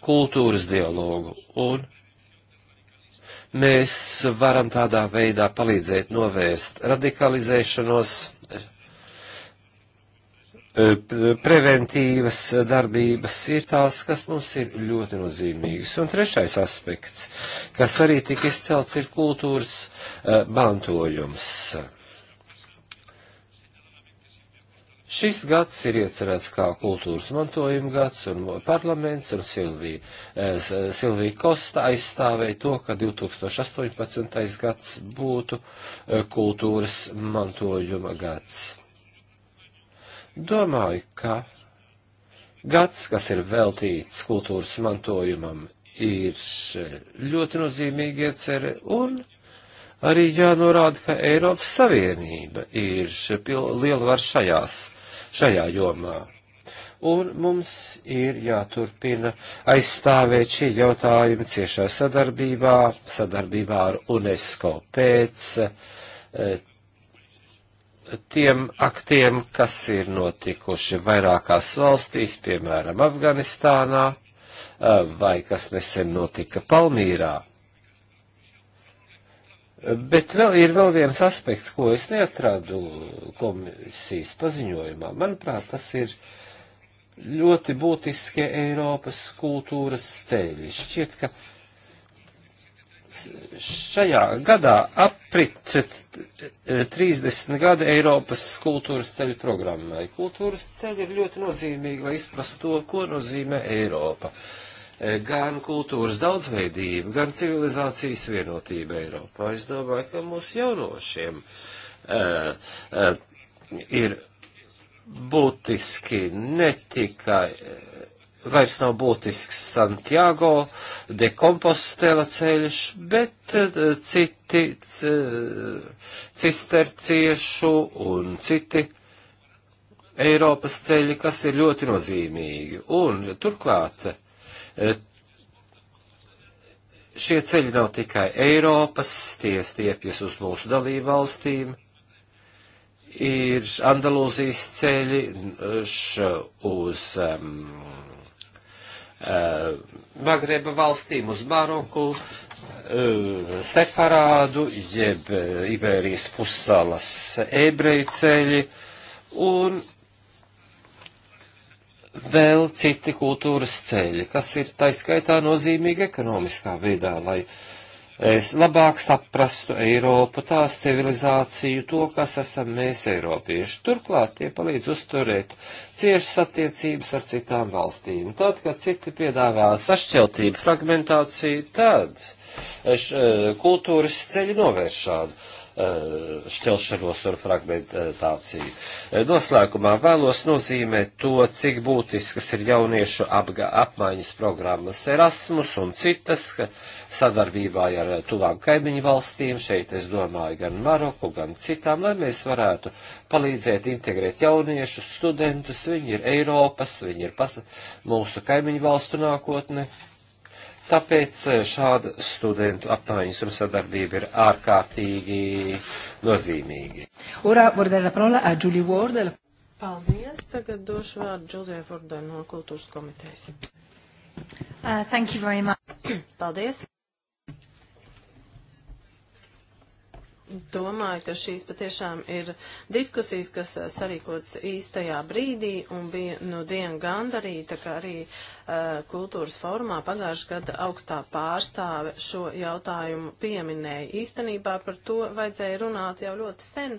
S2: kultūras dialogu. Un mēs varam tādā veidā palīdzēt novērst radikalizēšanos, Eh, preventīvas darbības ir tās, kas mums ir ļoti nozīmīgas. Un trešais aspekts, kas arī tika izcelts, ir kultūras eh, mantojums. Šis gads ir iecerēts kā kultūras mantojuma gads, un parlaments un Silvija, eh, Silvija Kosta aizstāvēja to, ka 2018. gads būtu kultūras mantojuma gads. Domāju, ka gads, kas ir veltīts kultūras mantojumam, ir ļoti nozīmīgi ieceri un arī jānorāda, ka Eiropas Savienība ir liela var šajās, šajā jomā. Un mums ir jāturpina aizstāvēt šī jautājuma ciešā sadarbībā, sadarbībā ar UNESCO pēc eh, tiem aktiem, kas ir notikuši vairākās valstīs, piemēram, Afganistānā vai kas nesen notika Palmīrā. Bet vēl ir vēl viens aspekts, ko es neatrādu komisijas paziņojumā. Manuprāt, tas ir ļoti būtiskie Eiropas kultūras ceļi. Šķiet, ka šajā gadā apricet 30 eh, gadi Eiropas kultūras ceļu programmai. Kultūras ceļi ir ļoti nozīmīgi, lai izprastu to, ko nozīmē Eiropa. Eh, gan kultūras daudzveidība, gan civilizācijas vienotība Eiropā. Es domāju, ka mūsu jaunošiem uh, eh, uh, ir būtiski ne tikai. Uh, vairs nav būtisks Santiago de Compostela ceļš, bet eh, citi cisterciešu un citi Eiropas ceļi, kas ir ļoti nozīmīgi. Un turklāt eh, šie ceļi nav tikai Eiropas, tie stiepjas uz mūsu dalību valstīm ir Andalūzijas ceļi uz um, Uh, Magreba valstīm, uz Maroku, uh, Sefarādu, jeb uh, Iberijas pussalas ebreju ceļi un vēl citi kultūras ceļi, kas ir taiskaitā nozīmīgi ekonomiskā veidā, lai uh, es labāk saprastu Eiropu, tās civilizāciju, to, kas esam mēs eiropieši. Turklāt tie palīdz uzturēt ciešas attiecības ar citām valstīm. Tad, kad citi piedāvā sašķeltību, fragmentāciju, tad š, eh, kultūras ceļi novērš šādu Eh, šķelšanos un fragmentāciju. Eh, noslēgumā vēlos nozīmēt to, cik būtiskas ir jauniešu apga, apmaiņas programmas Erasmus un citas sadarbībā ar tuvām kaimiņu valstīm. Šeit es domāju gan Maroku, gan citām, lai mēs varētu palīdzēt integrēt jauniešus, studentus. Viņi ir Eiropas, viņi ir mūsu kaimiņu valstu nākotne. Tāpēc eh, šāda studentu apmaiņas un sadarbība ir ārkārtīgi nozīmīgi.
S3: Paldies. Tagad došu vārdu Džulijai Vordai no kultūras komitejas. Uh, thank you very much. Paldies. Domāju, ka šīs patiešām ir diskusijas, kas eh, sarīkots īstajā brīdī un bija nu no dienu gandarīta, ka arī uh, Uh, kultūras formā pagājušajā gada augstā pārstāve šo jautājumu pieminēja. Īstenībā par to vajadzēja runāt jau ļoti sen,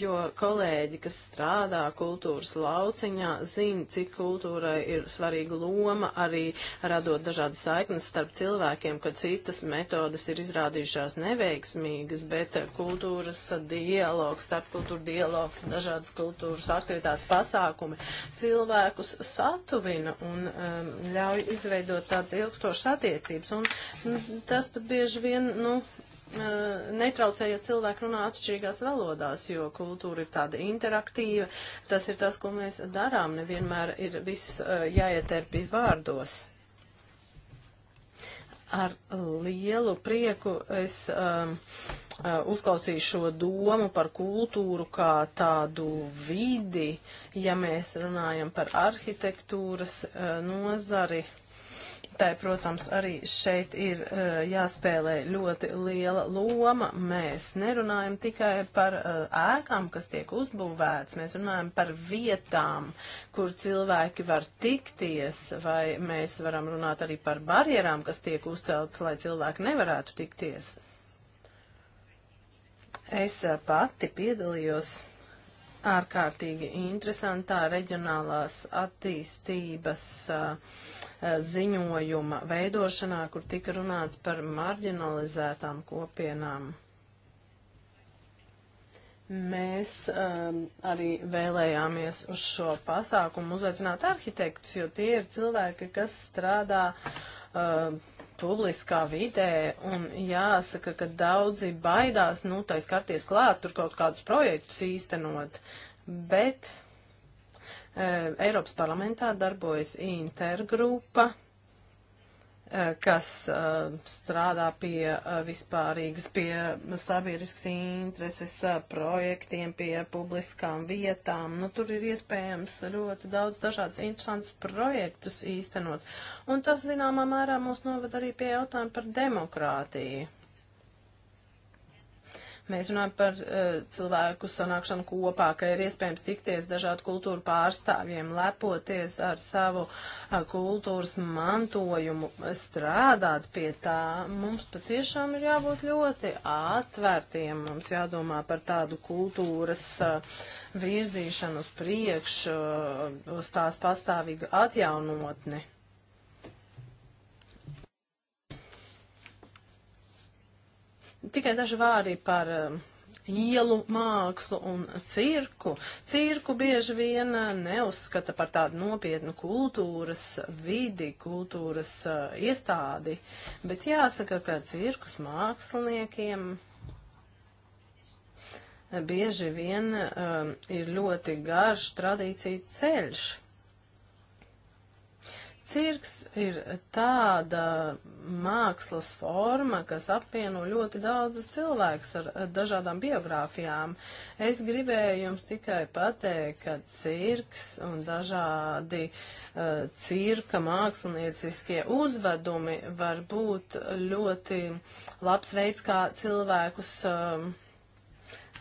S3: jo kolēģi, kas strādā kultūras lauciņā, zina, cik kultūrai ir svarīga loma, arī radot dažādas saiknes starp cilvēkiem, ka citas metodas ir izrādījušās neveiksmīgas, bet kultūras dialogs, starpkultūra dialogs, dažādas kultūras aktivitātes pasākumi cilvēkus satuvina un um, ļauj izveidot tādas ilgstošas attiecības. Un tas pat bieži vien, nu, netraucējot cilvēku runā atšķirīgās valodās, jo kultūra ir tāda interaktīva. Tas ir tas, ko mēs darām. Nevienmēr ir viss jāieterpī vārdos. Ar lielu prieku es. Um, uh, Eh, uzklausīju šo domu par kultūru kā tādu vidi, ja mēs runājam par arhitektūras eh, nozari. Tai, protams, arī šeit ir eh, jāspēlē ļoti liela loma. Mēs nerunājam tikai par ēkām, kas tiek uzbūvētas, mēs runājam par vietām, kur cilvēki var tikties, vai mēs varam runāt arī par barjerām, kas tiek uzceltas, lai cilvēki nevarētu tikties. Es eh, pati piedalījos ārkārtīgi interesantā reģionālās attīstības a, eh, eh, ziņojuma veidošanā, kur tika runāts par marginalizētām kopienām. Mēs um, arī vēlējāmies uz šo pasākumu uzaicināt arhitektus, jo tie ir cilvēki, kas strādā uh, publiskā vidē, un jāsaka, ka daudzi baidās, nu, tā skarties klāt, tur kaut kādus projektus īstenot, bet e, Eiropas parlamentā darbojas intergrupa, Eh, kas eh, strādā pie eh, vispārīgas, pie sabiedriskas intereses projektiem, pie publiskām vietām. Nu, tur ir iespējams ļoti daudz dažādas interesantas projektus īstenot. Un tas, zināmā mērā, mūs novada arī pie jautājuma par demokrātiju. Mēs runājam par uh, cilvēku sanākšanu kopā, ka ir iespējams tikties dažādu kultūru pārstāvjiem, lepoties ar savu uh, kultūras mantojumu, strādāt pie tā. Mums patiešām ir jābūt ļoti atvērtiem. Mums jādomā par tādu kultūras uh, virzīšanu uz priekšu, uh, uz tās pastāvīgu atjaunotni. Tikai daži vārdi par um, ielu mākslu un cirku. Cirku bieži vien uh, neuzskata par tādu nopietnu kultūras vidi, kultūras uh, iestādi, bet jāsaka, ka cirkus māksliniekiem uh, bieži vien um, ir ļoti garš tradīcija ceļš. Cirks ir tāda mākslas forma, kas apvieno ļoti daudzus cilvēkus ar dažādām biogrāfijām. Es gribēju jums tikai pateikt, ka cirks un dažādi uh, cirka mākslinieciskie uzvedumi var būt ļoti labs veids, kā cilvēkus. Uh,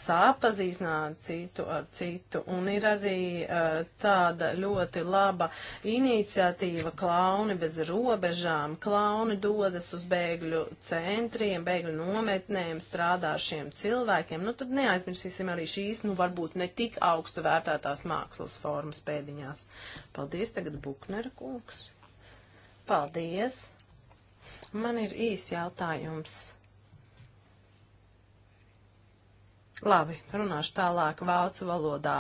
S3: sāpazīstināt citu ar citu. Un ir arī uh, tāda ļoti laba iniciatīva klauni bez robežām. Klauni dodas uz bēgļu centriem, bēgļu nometnēm, strādā ar šiem cilvēkiem. Nu, tad neaizmirsīsim arī šīs, nu, varbūt ne tik augstu vērtētās mākslas formas pēdiņās. Paldies, tagad Buknera kungs. Paldies. Man ir īs jautājums Labi, runāšu tālāk vācu valodā.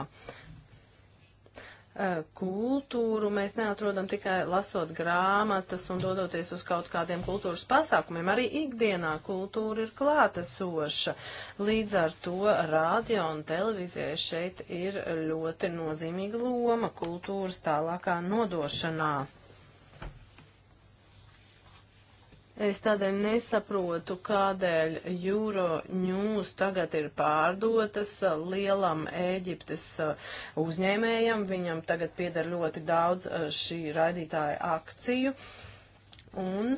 S3: Eh, kultūru mēs neatrodam tikai lasot grāmatas un dodoties uz kaut kādiem kultūras pasākumiem. Arī ikdienā kultūra ir klātesoša. Līdz ar to radio un televīzijai šeit ir ļoti nozīmīga loma kultūras tālākā nodošanā. Es tādēļ nesaprotu, kādēļ Euro News tagad ir pārdotas lielam Ēģiptes uzņēmējam. Viņam tagad pieder ļoti daudz šī raidītāja akciju. Un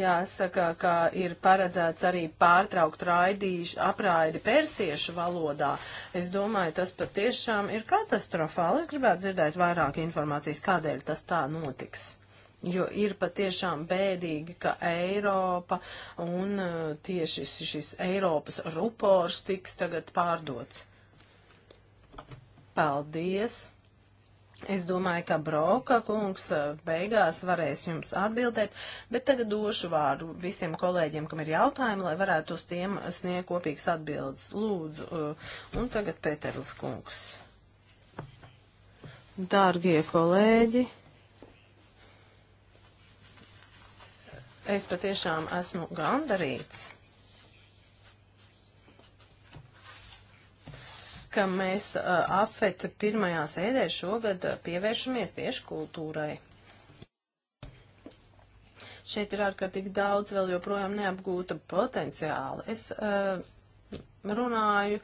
S3: jāsaka, ka ir paredzēts arī pārtraukt raidīšu apraidi persiešu valodā. Es domāju, tas patiešām ir katastrofāli. Es gribētu dzirdēt vairāk informācijas, kādēļ tas tā notiks jo ir patiešām bēdīgi, ka Eiropa un e, tieši šis Eiropas rupors tiks tagad pārdots. Paldies! Es domāju, ka Broka kungs e, beigās varēs jums atbildēt, bet tagad došu vārdu visiem kolēģiem, kam ir jautājumi, lai varētu uz tiem sniegt kopīgas atbildes. Lūdzu, e, un tagad Pēterlis kungs. Dārgie kolēģi! Es patiešām esmu gandarīts, ka mēs uh, apfeta pirmajā sēdē šogad uh, pievēršamies tieši kultūrai. Šeit ir ārkārtīgi daudz vēl joprojām neapgūta potenciāla. Es uh, runāju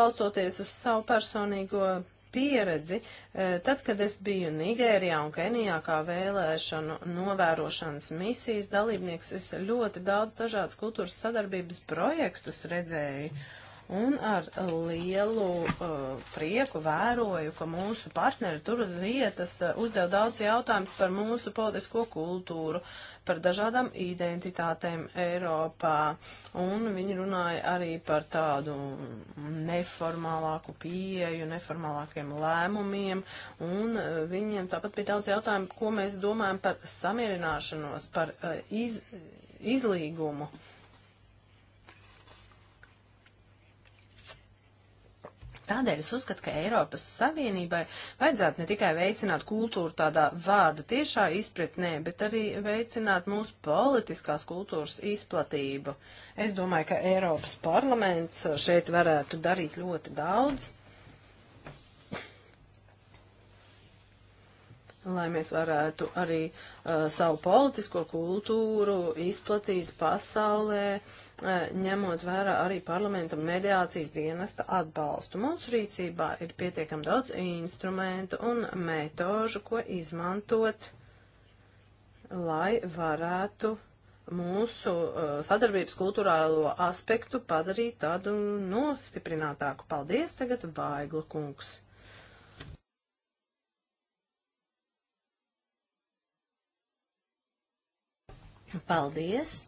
S3: balstoties uz savu personīgo pieredzi. Eh, tad, kad es biju Nigērijā un Kenijā kā vēlēšanu novērošanas misijas dalībnieks, es ļoti daudz dažādas kultūras sadarbības projektus redzēju. Mm un ar lielu uh, prieku vēroju, ka mūsu partneri tur uz vietas uh, uzdev daudz jautājums par mūsu politisko kultūru, par dažādām identitātēm Eiropā, un viņi runāja arī par tādu neformālāku pieeju, neformālākiem lēmumiem, un uh, viņiem tāpat bija daudz jautājumu, ko mēs domājam par samierināšanos, par uh, iz, izlīgumu. Uh, Tādēļ es uzskatu, ka Eiropas Savienībai vajadzētu ne tikai veicināt kultūru tādā vārdu tiešā izpratnē, bet arī veicināt mūsu politiskās kultūras izplatību. Es domāju, ka Eiropas parlaments šeit varētu darīt ļoti daudz. lai mēs varētu arī uh, savu politisko kultūru izplatīt pasaulē, uh, Eh, ņemot vērā arī parlamenta mediācijas dienesta atbalstu. Mūsu rīcībā ir pietiekam daudz instrumentu un metožu, ko izmantot, lai varētu mūsu eh, sadarbības kultūrālo aspektu padarīt tādu nostiprinātāku. Paldies tagad, Vaigla kungs! Paldies!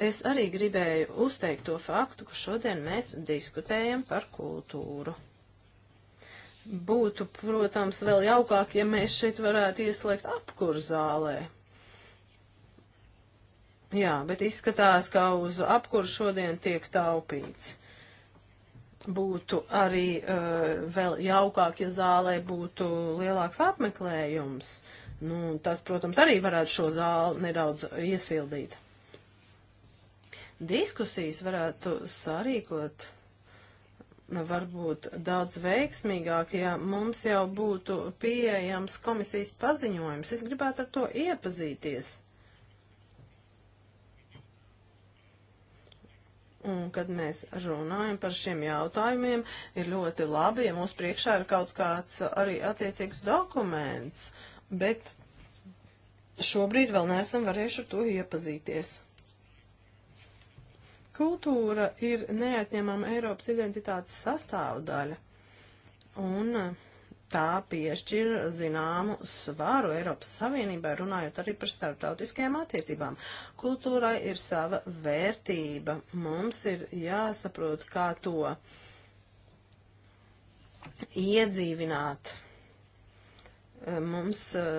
S3: Es arī gribēju uzteikt to faktu, ka šodien mēs diskutējam par kultūru. Būtu, protams, vēl jaukāk, ja mēs šeit varētu ieslēgt apkurzālē. Jā, bet izskatās, ka uz apkur šodien tiek taupīts. Būtu arī uh, vēl jaukāk, ja zālē būtu lielāks apmeklējums. Nu, tas, protams, arī varētu šo zāli nedaudz iesildīt diskusijas varētu sarīkot varbūt daudz veiksmīgāk, ja mums jau būtu pieejams komisijas paziņojums. Es gribētu ar to iepazīties. Un, kad mēs runājam par šiem jautājumiem, ir ļoti labi, ja mūsu priekšā ir kaut kāds arī attiecīgs dokuments, bet šobrīd vēl neesam varējuši ar to iepazīties. Kultūra ir neatņemama Eiropas identitātes sastāvdaļa, un eh, tā piešķir zināmu svāru Eiropas Savienībai, runājot arī par starptautiskajām attiecībām. Kultūrai ir sava vērtība. Mums ir jāsaprot, kā to iedzīvināt eh, mums uh,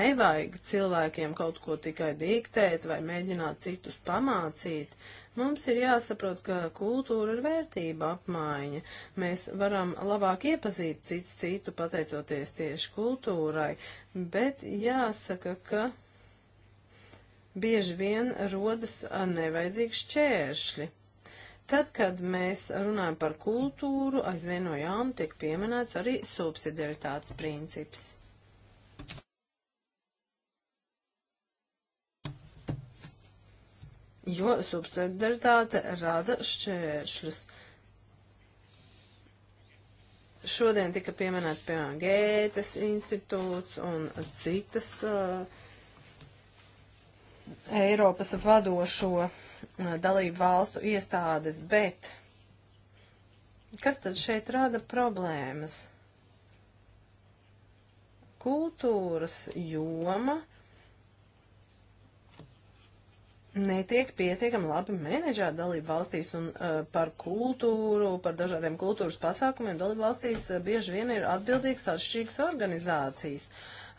S3: nevajag cilvēkiem kaut ko tikai diktēt vai mēģināt citus pamācīt. Mums ir jāsaprot, ka kultūra ir vērtība apmaiņa. Mēs varam labāk iepazīt cits citu pateicoties tieši kultūrai, bet jāsaka, ka bieži vien rodas nevajadzīgi šķēršļi. Tad, kad mēs runājam par kultūru, aizvien no jauna tiek pieminēts arī subsidiaritātes princips. jo subsidaritāte rada šķēršļus. Šodien tika pieminēts, piemēram, Gētes institūts un citas uh, Eiropas vadošo uh, dalību valstu iestādes, bet kas tad šeit rada problēmas? Kultūras joma. Uh, netiek pietiekami labi menedžēt dalību valstīs un uh, par kultūru, par dažādiem kultūras pasākumiem dalību valstīs uh, bieži vien ir atbildīgs atšķirīgas organizācijas.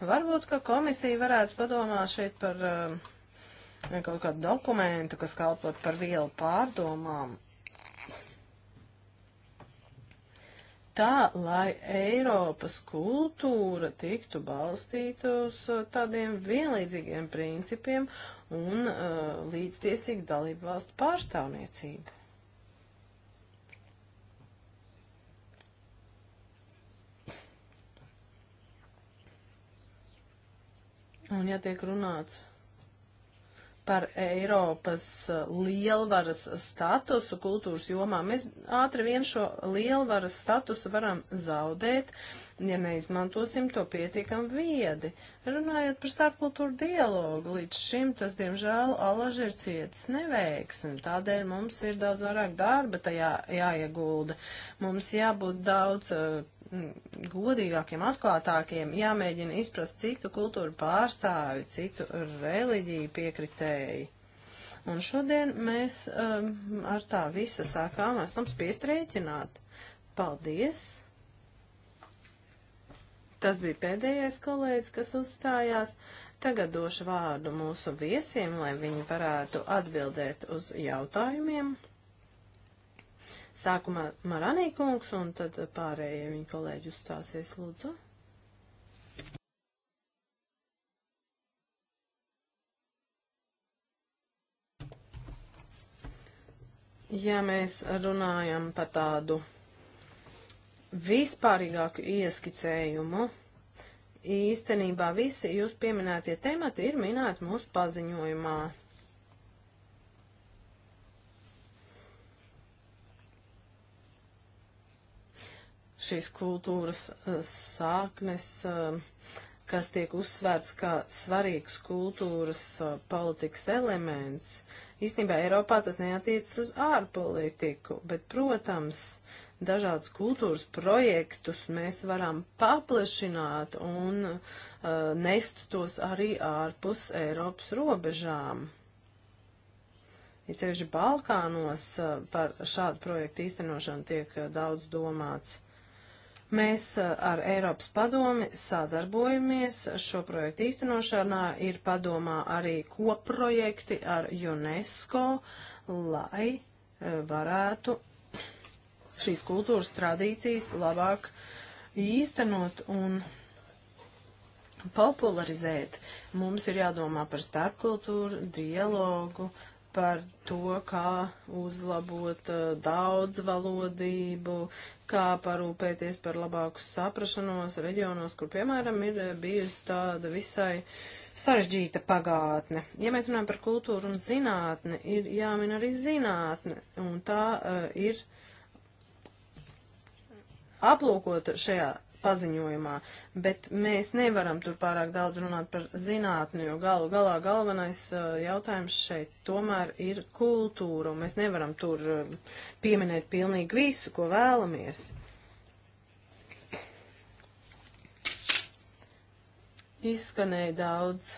S3: Varbūt, ka komisija varētu padomāt šeit par uh, kaut kādu dokumentu, kas kalpot par vielu pārdomām. Tā, lai Eiropas kultūra tiktu balstīta uz tādiem vienlīdzīgiem principiem un uh, līdztiesīgu dalību valstu pārstāvniecību. Un ja tiek runāts par Eiropas uh, lielvaras statusu kultūras jomā, mēs ātri vien šo lielvaras statusu varam zaudēt, uh, ja neizmantosim to pietiekam viedi. Runājot par starpkultūru dialogu, līdz šim tas, diemžēl, alaži ir cietis neveiksmi. Tādēļ mums ir daudz vairāk darba tajā jāiegulda. Mums jābūt daudz uh, godīgākiem, atklātākiem, jāmēģina izprast citu kultūru pārstāvi, citu reliģiju piekritēji. Un šodien mēs um, ar tā visa sākām esam spiest rēķināt. Paldies! Tas bija pēdējais kolēģis, kas uzstājās. Tagad došu vārdu mūsu viesiem, lai viņi varētu atbildēt uz jautājumiem. Sākumā Maranī kungs, un tad pārējie viņa kolēģi uzstāsies, lūdzu. Ja mēs runājam par tādu vispārīgāku ieskicējumu. Īstenībā visi jūs pieminētie temati ir minēti mūsu paziņojumā. Šīs kultūras eh, sāknes, eh, kas tiek uzsvērts kā svarīgs kultūras eh, politikas elements, īstenībā Eiropā tas neatiecas uz ārpolitiku, bet, protams, uh, dažādus kultūras projektus mēs varam paplašināt un uh, nest tos arī ārpus Eiropas robežām. Ir ja sevišķi Balkānos uh, par šādu projektu īstenošanu tiek uh, daudz domāts. Mēs uh, ar Eiropas padomi sadarbojamies. Šo projektu īstenošanā ir padomā arī koprojekti ar UNESCO, lai uh, varētu šīs kultūras tradīcijas labāk īstenot un popularizēt. Mums ir jādomā par starpkultūru, dialogu, par to, kā uzlabot uh, daudzvalodību, kā parūpēties par labāku saprašanos reģionos, kur, piemēram, ir uh, bijusi tāda visai sarežģīta pagātne. Ja mēs runājam par kultūru un zinātni, ir jāmin arī zinātne, un tā uh, ir uh, aplūkota šajā paziņojumā, bet mēs nevaram tur pārāk daudz runāt par zinātni, jo galu galā galvenais uh, jautājums šeit tomēr ir kultūra, un mēs nevaram tur uh, pieminēt pilnīgi visu, ko vēlamies. Izskanēja daudz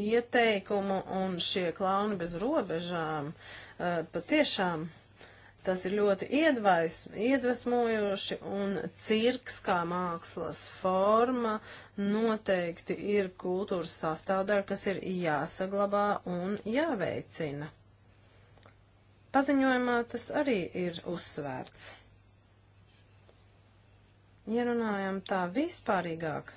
S3: ieteikumu, un šie klauni bez robežām uh, patiešām. Uh, Tas ir ļoti iedvaism, iedvesmojoši un cirks kā mākslas forma noteikti ir kultūras sastāvdaļa, kas ir jāsaglabā un jāveicina. Paziņojumā tas arī ir uzsvērts. Ja runājam tā vispārīgāk,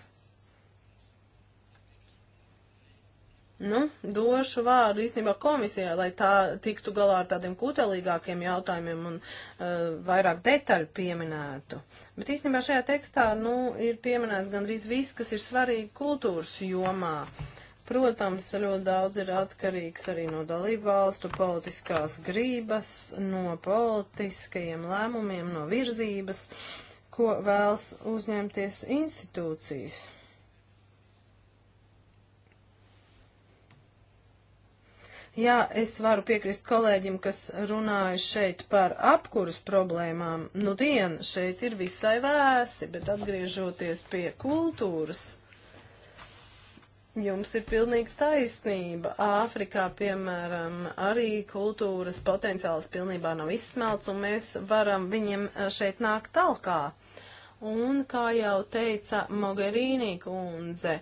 S3: Nu, došu vārdu īstenībā komisijai, lai tā tiktu galā ar tādiem kutelīgākiem jautājumiem un uh, vairāk detaļu pieminētu. Bet īstenībā šajā tekstā, nu, ir pieminēts gandrīz viss, kas ir svarīgi kultūras jomā. Protams, ļoti daudz ir atkarīgs arī no dalību valstu politiskās grības, no politiskajiem lēmumiem, no virzības, ko vēlas uzņemties institūcijas. Jā, es varu piekrist kolēģim, kas runāja šeit par apkurus problēmām. Nu, dien šeit ir visai vēsi, bet atgriežoties pie kultūras. Jums ir pilnīgi taisnība. Āfrikā, piemēram, arī kultūras potenciāls pilnībā nav izsmelts, un mēs varam viņiem šeit nākt talkā. Un, kā jau teica Mogherīnī kundze,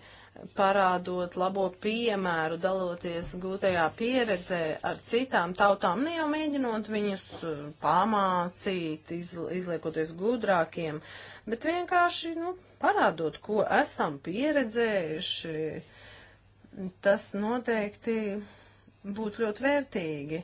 S3: parādot labo piemēru, daloties gūtajā pieredzē ar citām tautām, ne jau mēģinot viņus uh, pamācīt, izl izliekoties gudrākiem, bet vienkārši, nu, parādot, ko esam pieredzējuši, tas noteikti būtu ļoti vērtīgi.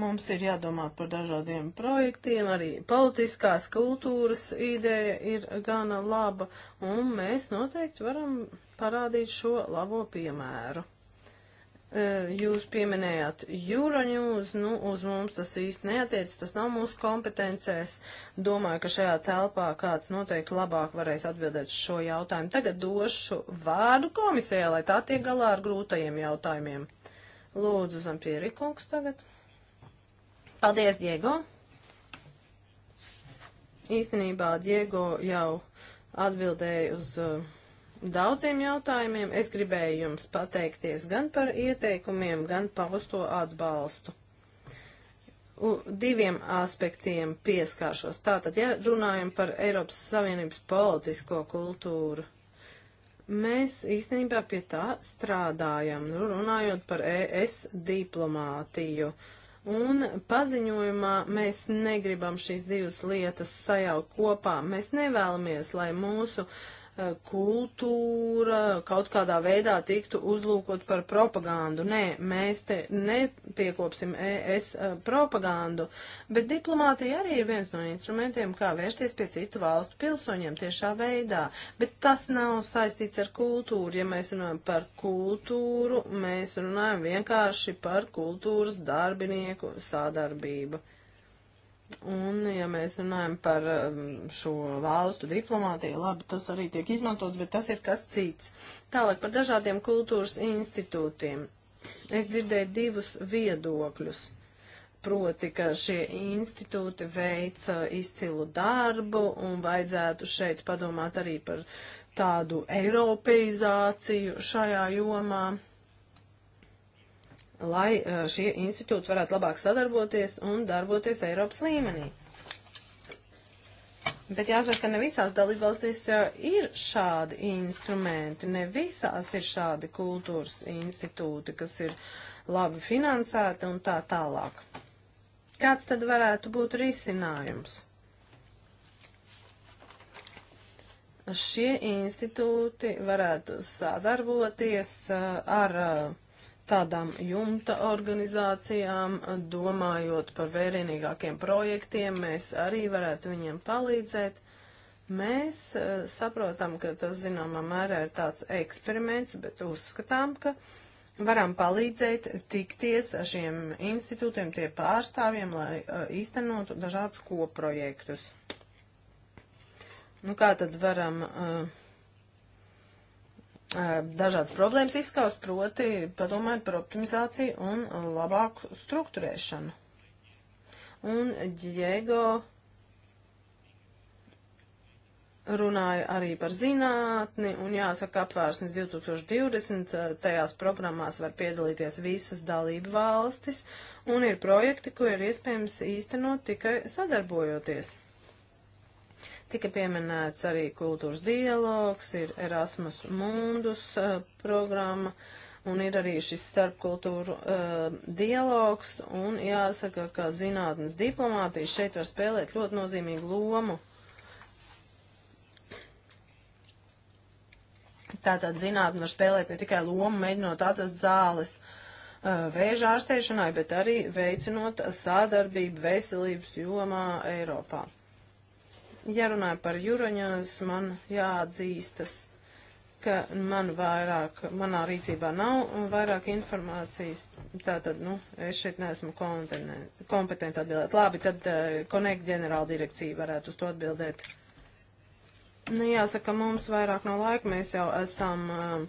S3: Mums ir jādomā par dažādiem projektiem, arī politiskās kultūras ideja ir gana laba, un mēs noteikti varam parādīt šo labo piemēru. E, jūs pieminējāt Euronews, nu uz mums tas īsti neatiec, tas nav mūsu kompetencēs. Domāju, ka šajā telpā kāds noteikti labāk varēs atbildēt šo jautājumu. Tagad došu vārdu komisijai, lai tā tiek galā ar grūtajiem jautājumiem. Lūdzu, Zampieri kungs tagad. Paldies, Diego! Īstenībā Diego jau atbildēja uz uh, daudziem jautājumiem. Es gribēju jums pateikties gan par ieteikumiem, gan pausto atbalstu. U, diviem aspektiem pieskāršos. Tātad, ja runājam par Eiropas Savienības politisko kultūru, mēs īstenībā pie tā strādājam, nu, runājot par ES diplomātiju. Uh, Un paziņojumā mēs negribam šīs divas lietas sajaukt kopā. Mēs nevēlamies, lai mūsu uh, E, kultūra kaut kādā veidā tiktu uzlūkot par propagandu. Nē, mēs te nepiekopsim ES e, propagandu, bet diplomātija arī ir viens no instrumentiem, kā vērsties pie citu valstu pilsoņiem tiešā veidā. Bet tas nav saistīts ar kultūru. Ja mēs runājam par kultūru, mēs runājam vienkārši par kultūras darbinieku sadarbību. Un, ja mēs runājam par um, šo valstu diplomātiju, labi, tas arī tiek izmantots, bet tas ir kas cits. Tālāk par dažādiem kultūras institūtiem. Es dzirdēju divus viedokļus. Proti, ka šie institūti veica izcilu darbu un vajadzētu šeit padomāt arī par tādu eiropeizāciju šajā jomā lai eh, šie institūti varētu labāk sadarboties un darboties Eiropas līmenī. Bet jāsaka, ka ne visās dalībvalstīs eh, ir šādi instrumenti, ne visās ir šādi kultūras institūti, kas ir labi finansēti un tā tālāk. Kāds tad varētu būt risinājums? Šie institūti varētu sadarboties eh, ar tādām jumta organizācijām, domājot par vērienīgākiem projektiem, mēs arī varētu viņiem palīdzēt. Mēs uh, saprotam, ka tas zināmā mērā ir tāds eksperiments, bet uzskatām, ka varam palīdzēt tikties ar šiem institūtiem, tie pārstāvjiem, lai uh, īstenotu dažādus koprojektus. Nu, kā tad varam uh, dažādas problēmas izskaust, proti padomājot par optimizāciju un labāku strukturēšanu. Un Diego runāja arī par zinātni, un jāsaka, apvērsnes 2020 tajās programmās var piedalīties visas dalību valstis, un ir projekti, ko ir iespējams īstenot tikai sadarbojoties. Tika pieminēts arī kultūras dialogs, ir Erasmus Mundus uh, programma un ir arī šis starpkultūru uh, dialogs, un jāsaka, ka zinātnes diplomātija šeit var spēlēt ļoti nozīmīgu lomu. Tātad zinātne var spēlēt ne tikai lomu, mēģinot atrast zāles uh, vēža ārsteišanai, bet arī veicinot sadarbību veselības jomā Eiropā. Ja runāju par Euroņās, man jāatzīstas, ka man vairāk, manā rīcībā nav vairāk informācijas, tātad, nu, es šeit neesmu kompetents atbildēt. Labi, tad Connect eh, ģenerāla direkcija varētu uz to atbildēt. Nu, jāsaka, mums vairāk nav no laika, mēs jau esam um,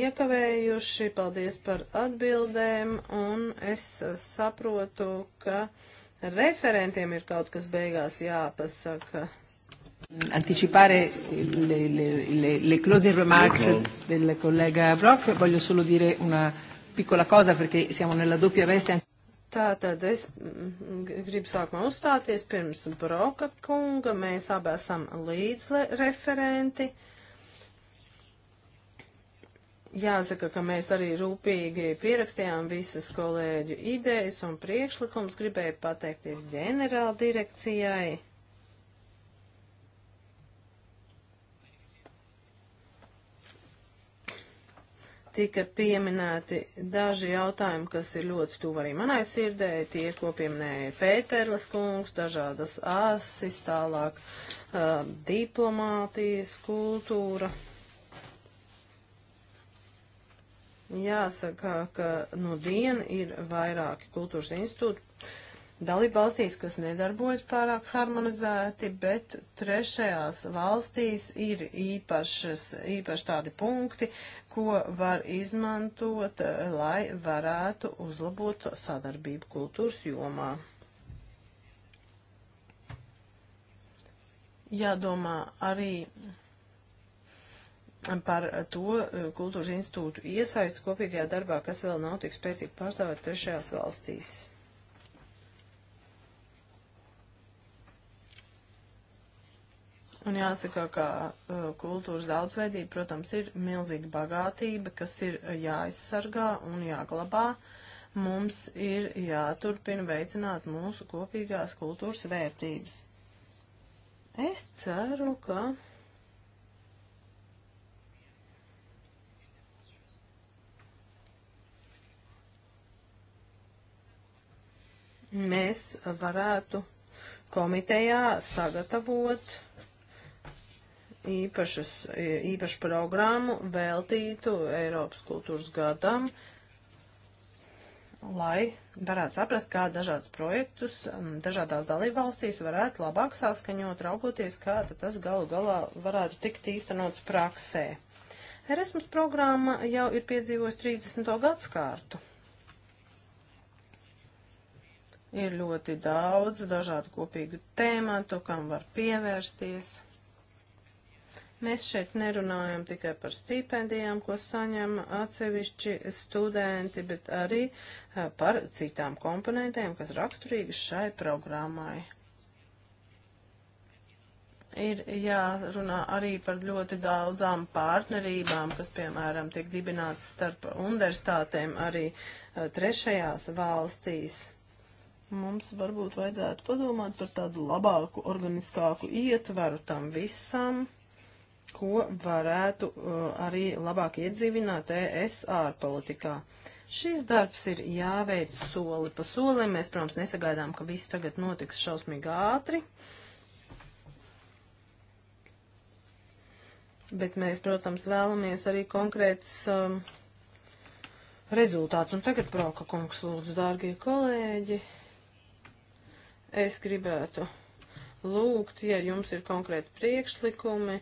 S3: iekavējuši, paldies par atbildēm, un es saprotu, ka referentiem ir kaut kas beigās jāpasaka.
S1: Anticipare le, le, le, le closing remarks okay. del collega Brock, voglio solo dire una piccola cosa perché siamo nella doppia veste. Anche
S3: Tātad es mm, mm, gribu sākumā uzstāties pirms Broka kunga. Mēs abi esam līdzreferenti. Jāsaka, ka mēs arī rūpīgi pierakstījām visas kolēģu idejas un priekšlikums. Gribēju pateikties ģenerāldirekcijai. direkcijai Tika pieminēti daži jautājumi, kas ir ļoti tuvu arī manai sirdē, tie, ko pieminēja Pēterlis kungs, dažādas asis, tālāk uh, diplomātijas, kultūra. Jāsaka, ka nu diena ir vairāki kultūras institūti, dalībvalstīs, kas nedarbojas pārāk harmonizēti, bet trešajās valstīs ir īpašas, īpaši tādi punkti, ko var izmantot, lai varētu uzlabot sadarbību kultūras jomā. Jādomā arī par to kultūras institūtu iesaistu kopīgajā darbā, kas vēl nav tik spēcīgi pārstāvēt trešajās valstīs. Un jāsaka, ka uh, kultūras daudzveidība, protams, ir milzīga bagātība, kas ir uh, jāizsargā un jāglabā. Mums ir jāturpina veicināt mūsu kopīgās kultūras vērtības. Es ceru, ka. Mēs varētu komitejā sagatavot īpašas, īpašu programmu veltītu Eiropas kultūras gadam, lai varētu saprast, kā dažādus projektus dažādās dalībvalstīs varētu labāk saskaņot, raugoties, kā tas galu galā varētu tikt īstenots praksē. Erasmus programma jau ir piedzīvojusi 30. gadskārtu. Ir ļoti daudz dažādu kopīgu tēmatu, kam var pievērsties. Mēs šeit nerunājam tikai par stipendijām, ko saņem atsevišķi studenti, bet arī eh, par citām komponentēm, kas raksturīgas šai programmai ir jārunā arī par ļoti daudzām partnerībām, kas, piemēram, tiek dibinātas starp universitātēm arī eh, trešajās valstīs. Mums varbūt vajadzētu padomāt par tādu labāku, organiskāku ietveru tam visam ko varētu uh, arī labāk iedzīvināt ES ārpolitikā. Šis darbs ir jāveic soli pa solim. Mēs, protams, nesagaidām, ka viss tagad notiks šausmīgi ātri. Bet mēs, protams, vēlamies arī konkrētas um, rezultāts. Un tagad, Brauka kungs, lūdzu, dārgie kolēģi, es gribētu lūgt, ja jums ir konkrēti priekšlikumi,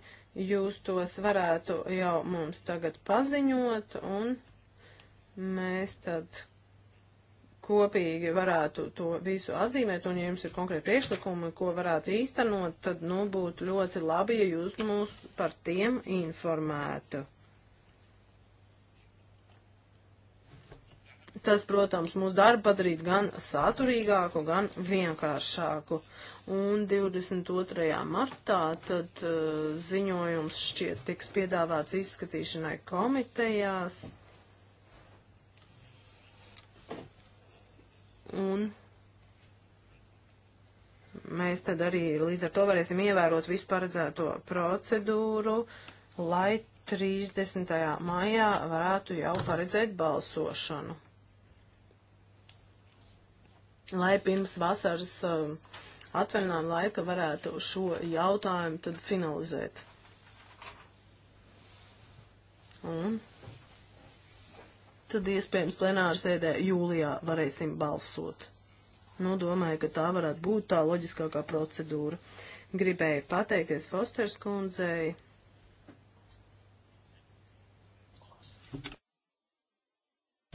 S3: jūs tos varētu jau mums tagad paziņot, un mēs tad kopīgi varētu to visu atzīmēt, un ja jums ir konkrēti priekšlikumi, ko varētu īstenot, tad, nu, būtu ļoti labi, ja jūs mūs par tiem informētu. Tas, protams, mūsu darbu padarīt gan saturīgāku, gan vienkāršāku. Un 22. martā tad uh, ziņojums šķiet tiks piedāvāts izskatīšanai komitejās. Un mēs tad arī līdz ar to varēsim ievērot visu paredzēto procedūru, lai 30. maijā varētu jau paredzēt balsošanu lai pirms vasaras um, atvaļinājuma laika varētu šo jautājumu tad finalizēt. Un tad iespējams plenāra sēdē jūlijā varēsim balsot. Nu, domāju, ka tā varētu būt tā loģiskākā procedūra. Gribēju pateikties Fosters kundzei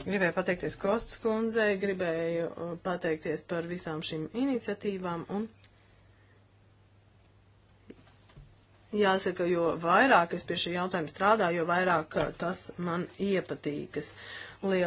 S3: Gribēju pateikties Kostas kundzei, gribēju uh, pateikties par visām šīm iniciatīvām un jāsaka, jo vairāk es pie šī jautājuma strādāju, jo vairāk uh, tas man iepatīkas. Liel